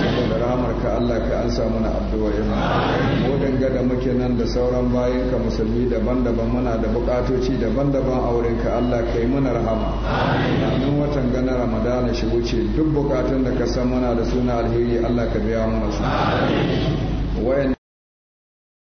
saboda ramar ka Allah ka ansa mana addu'a mu dangada muke nan da sauran bayan bayanka musulmi daban-daban muna da bukatoci daban-daban a ka Allah ka yi mana rahama amin watan gana ramadana shi wuce duk bukatun da ka san muna da suna alheri Allah ka biya muna su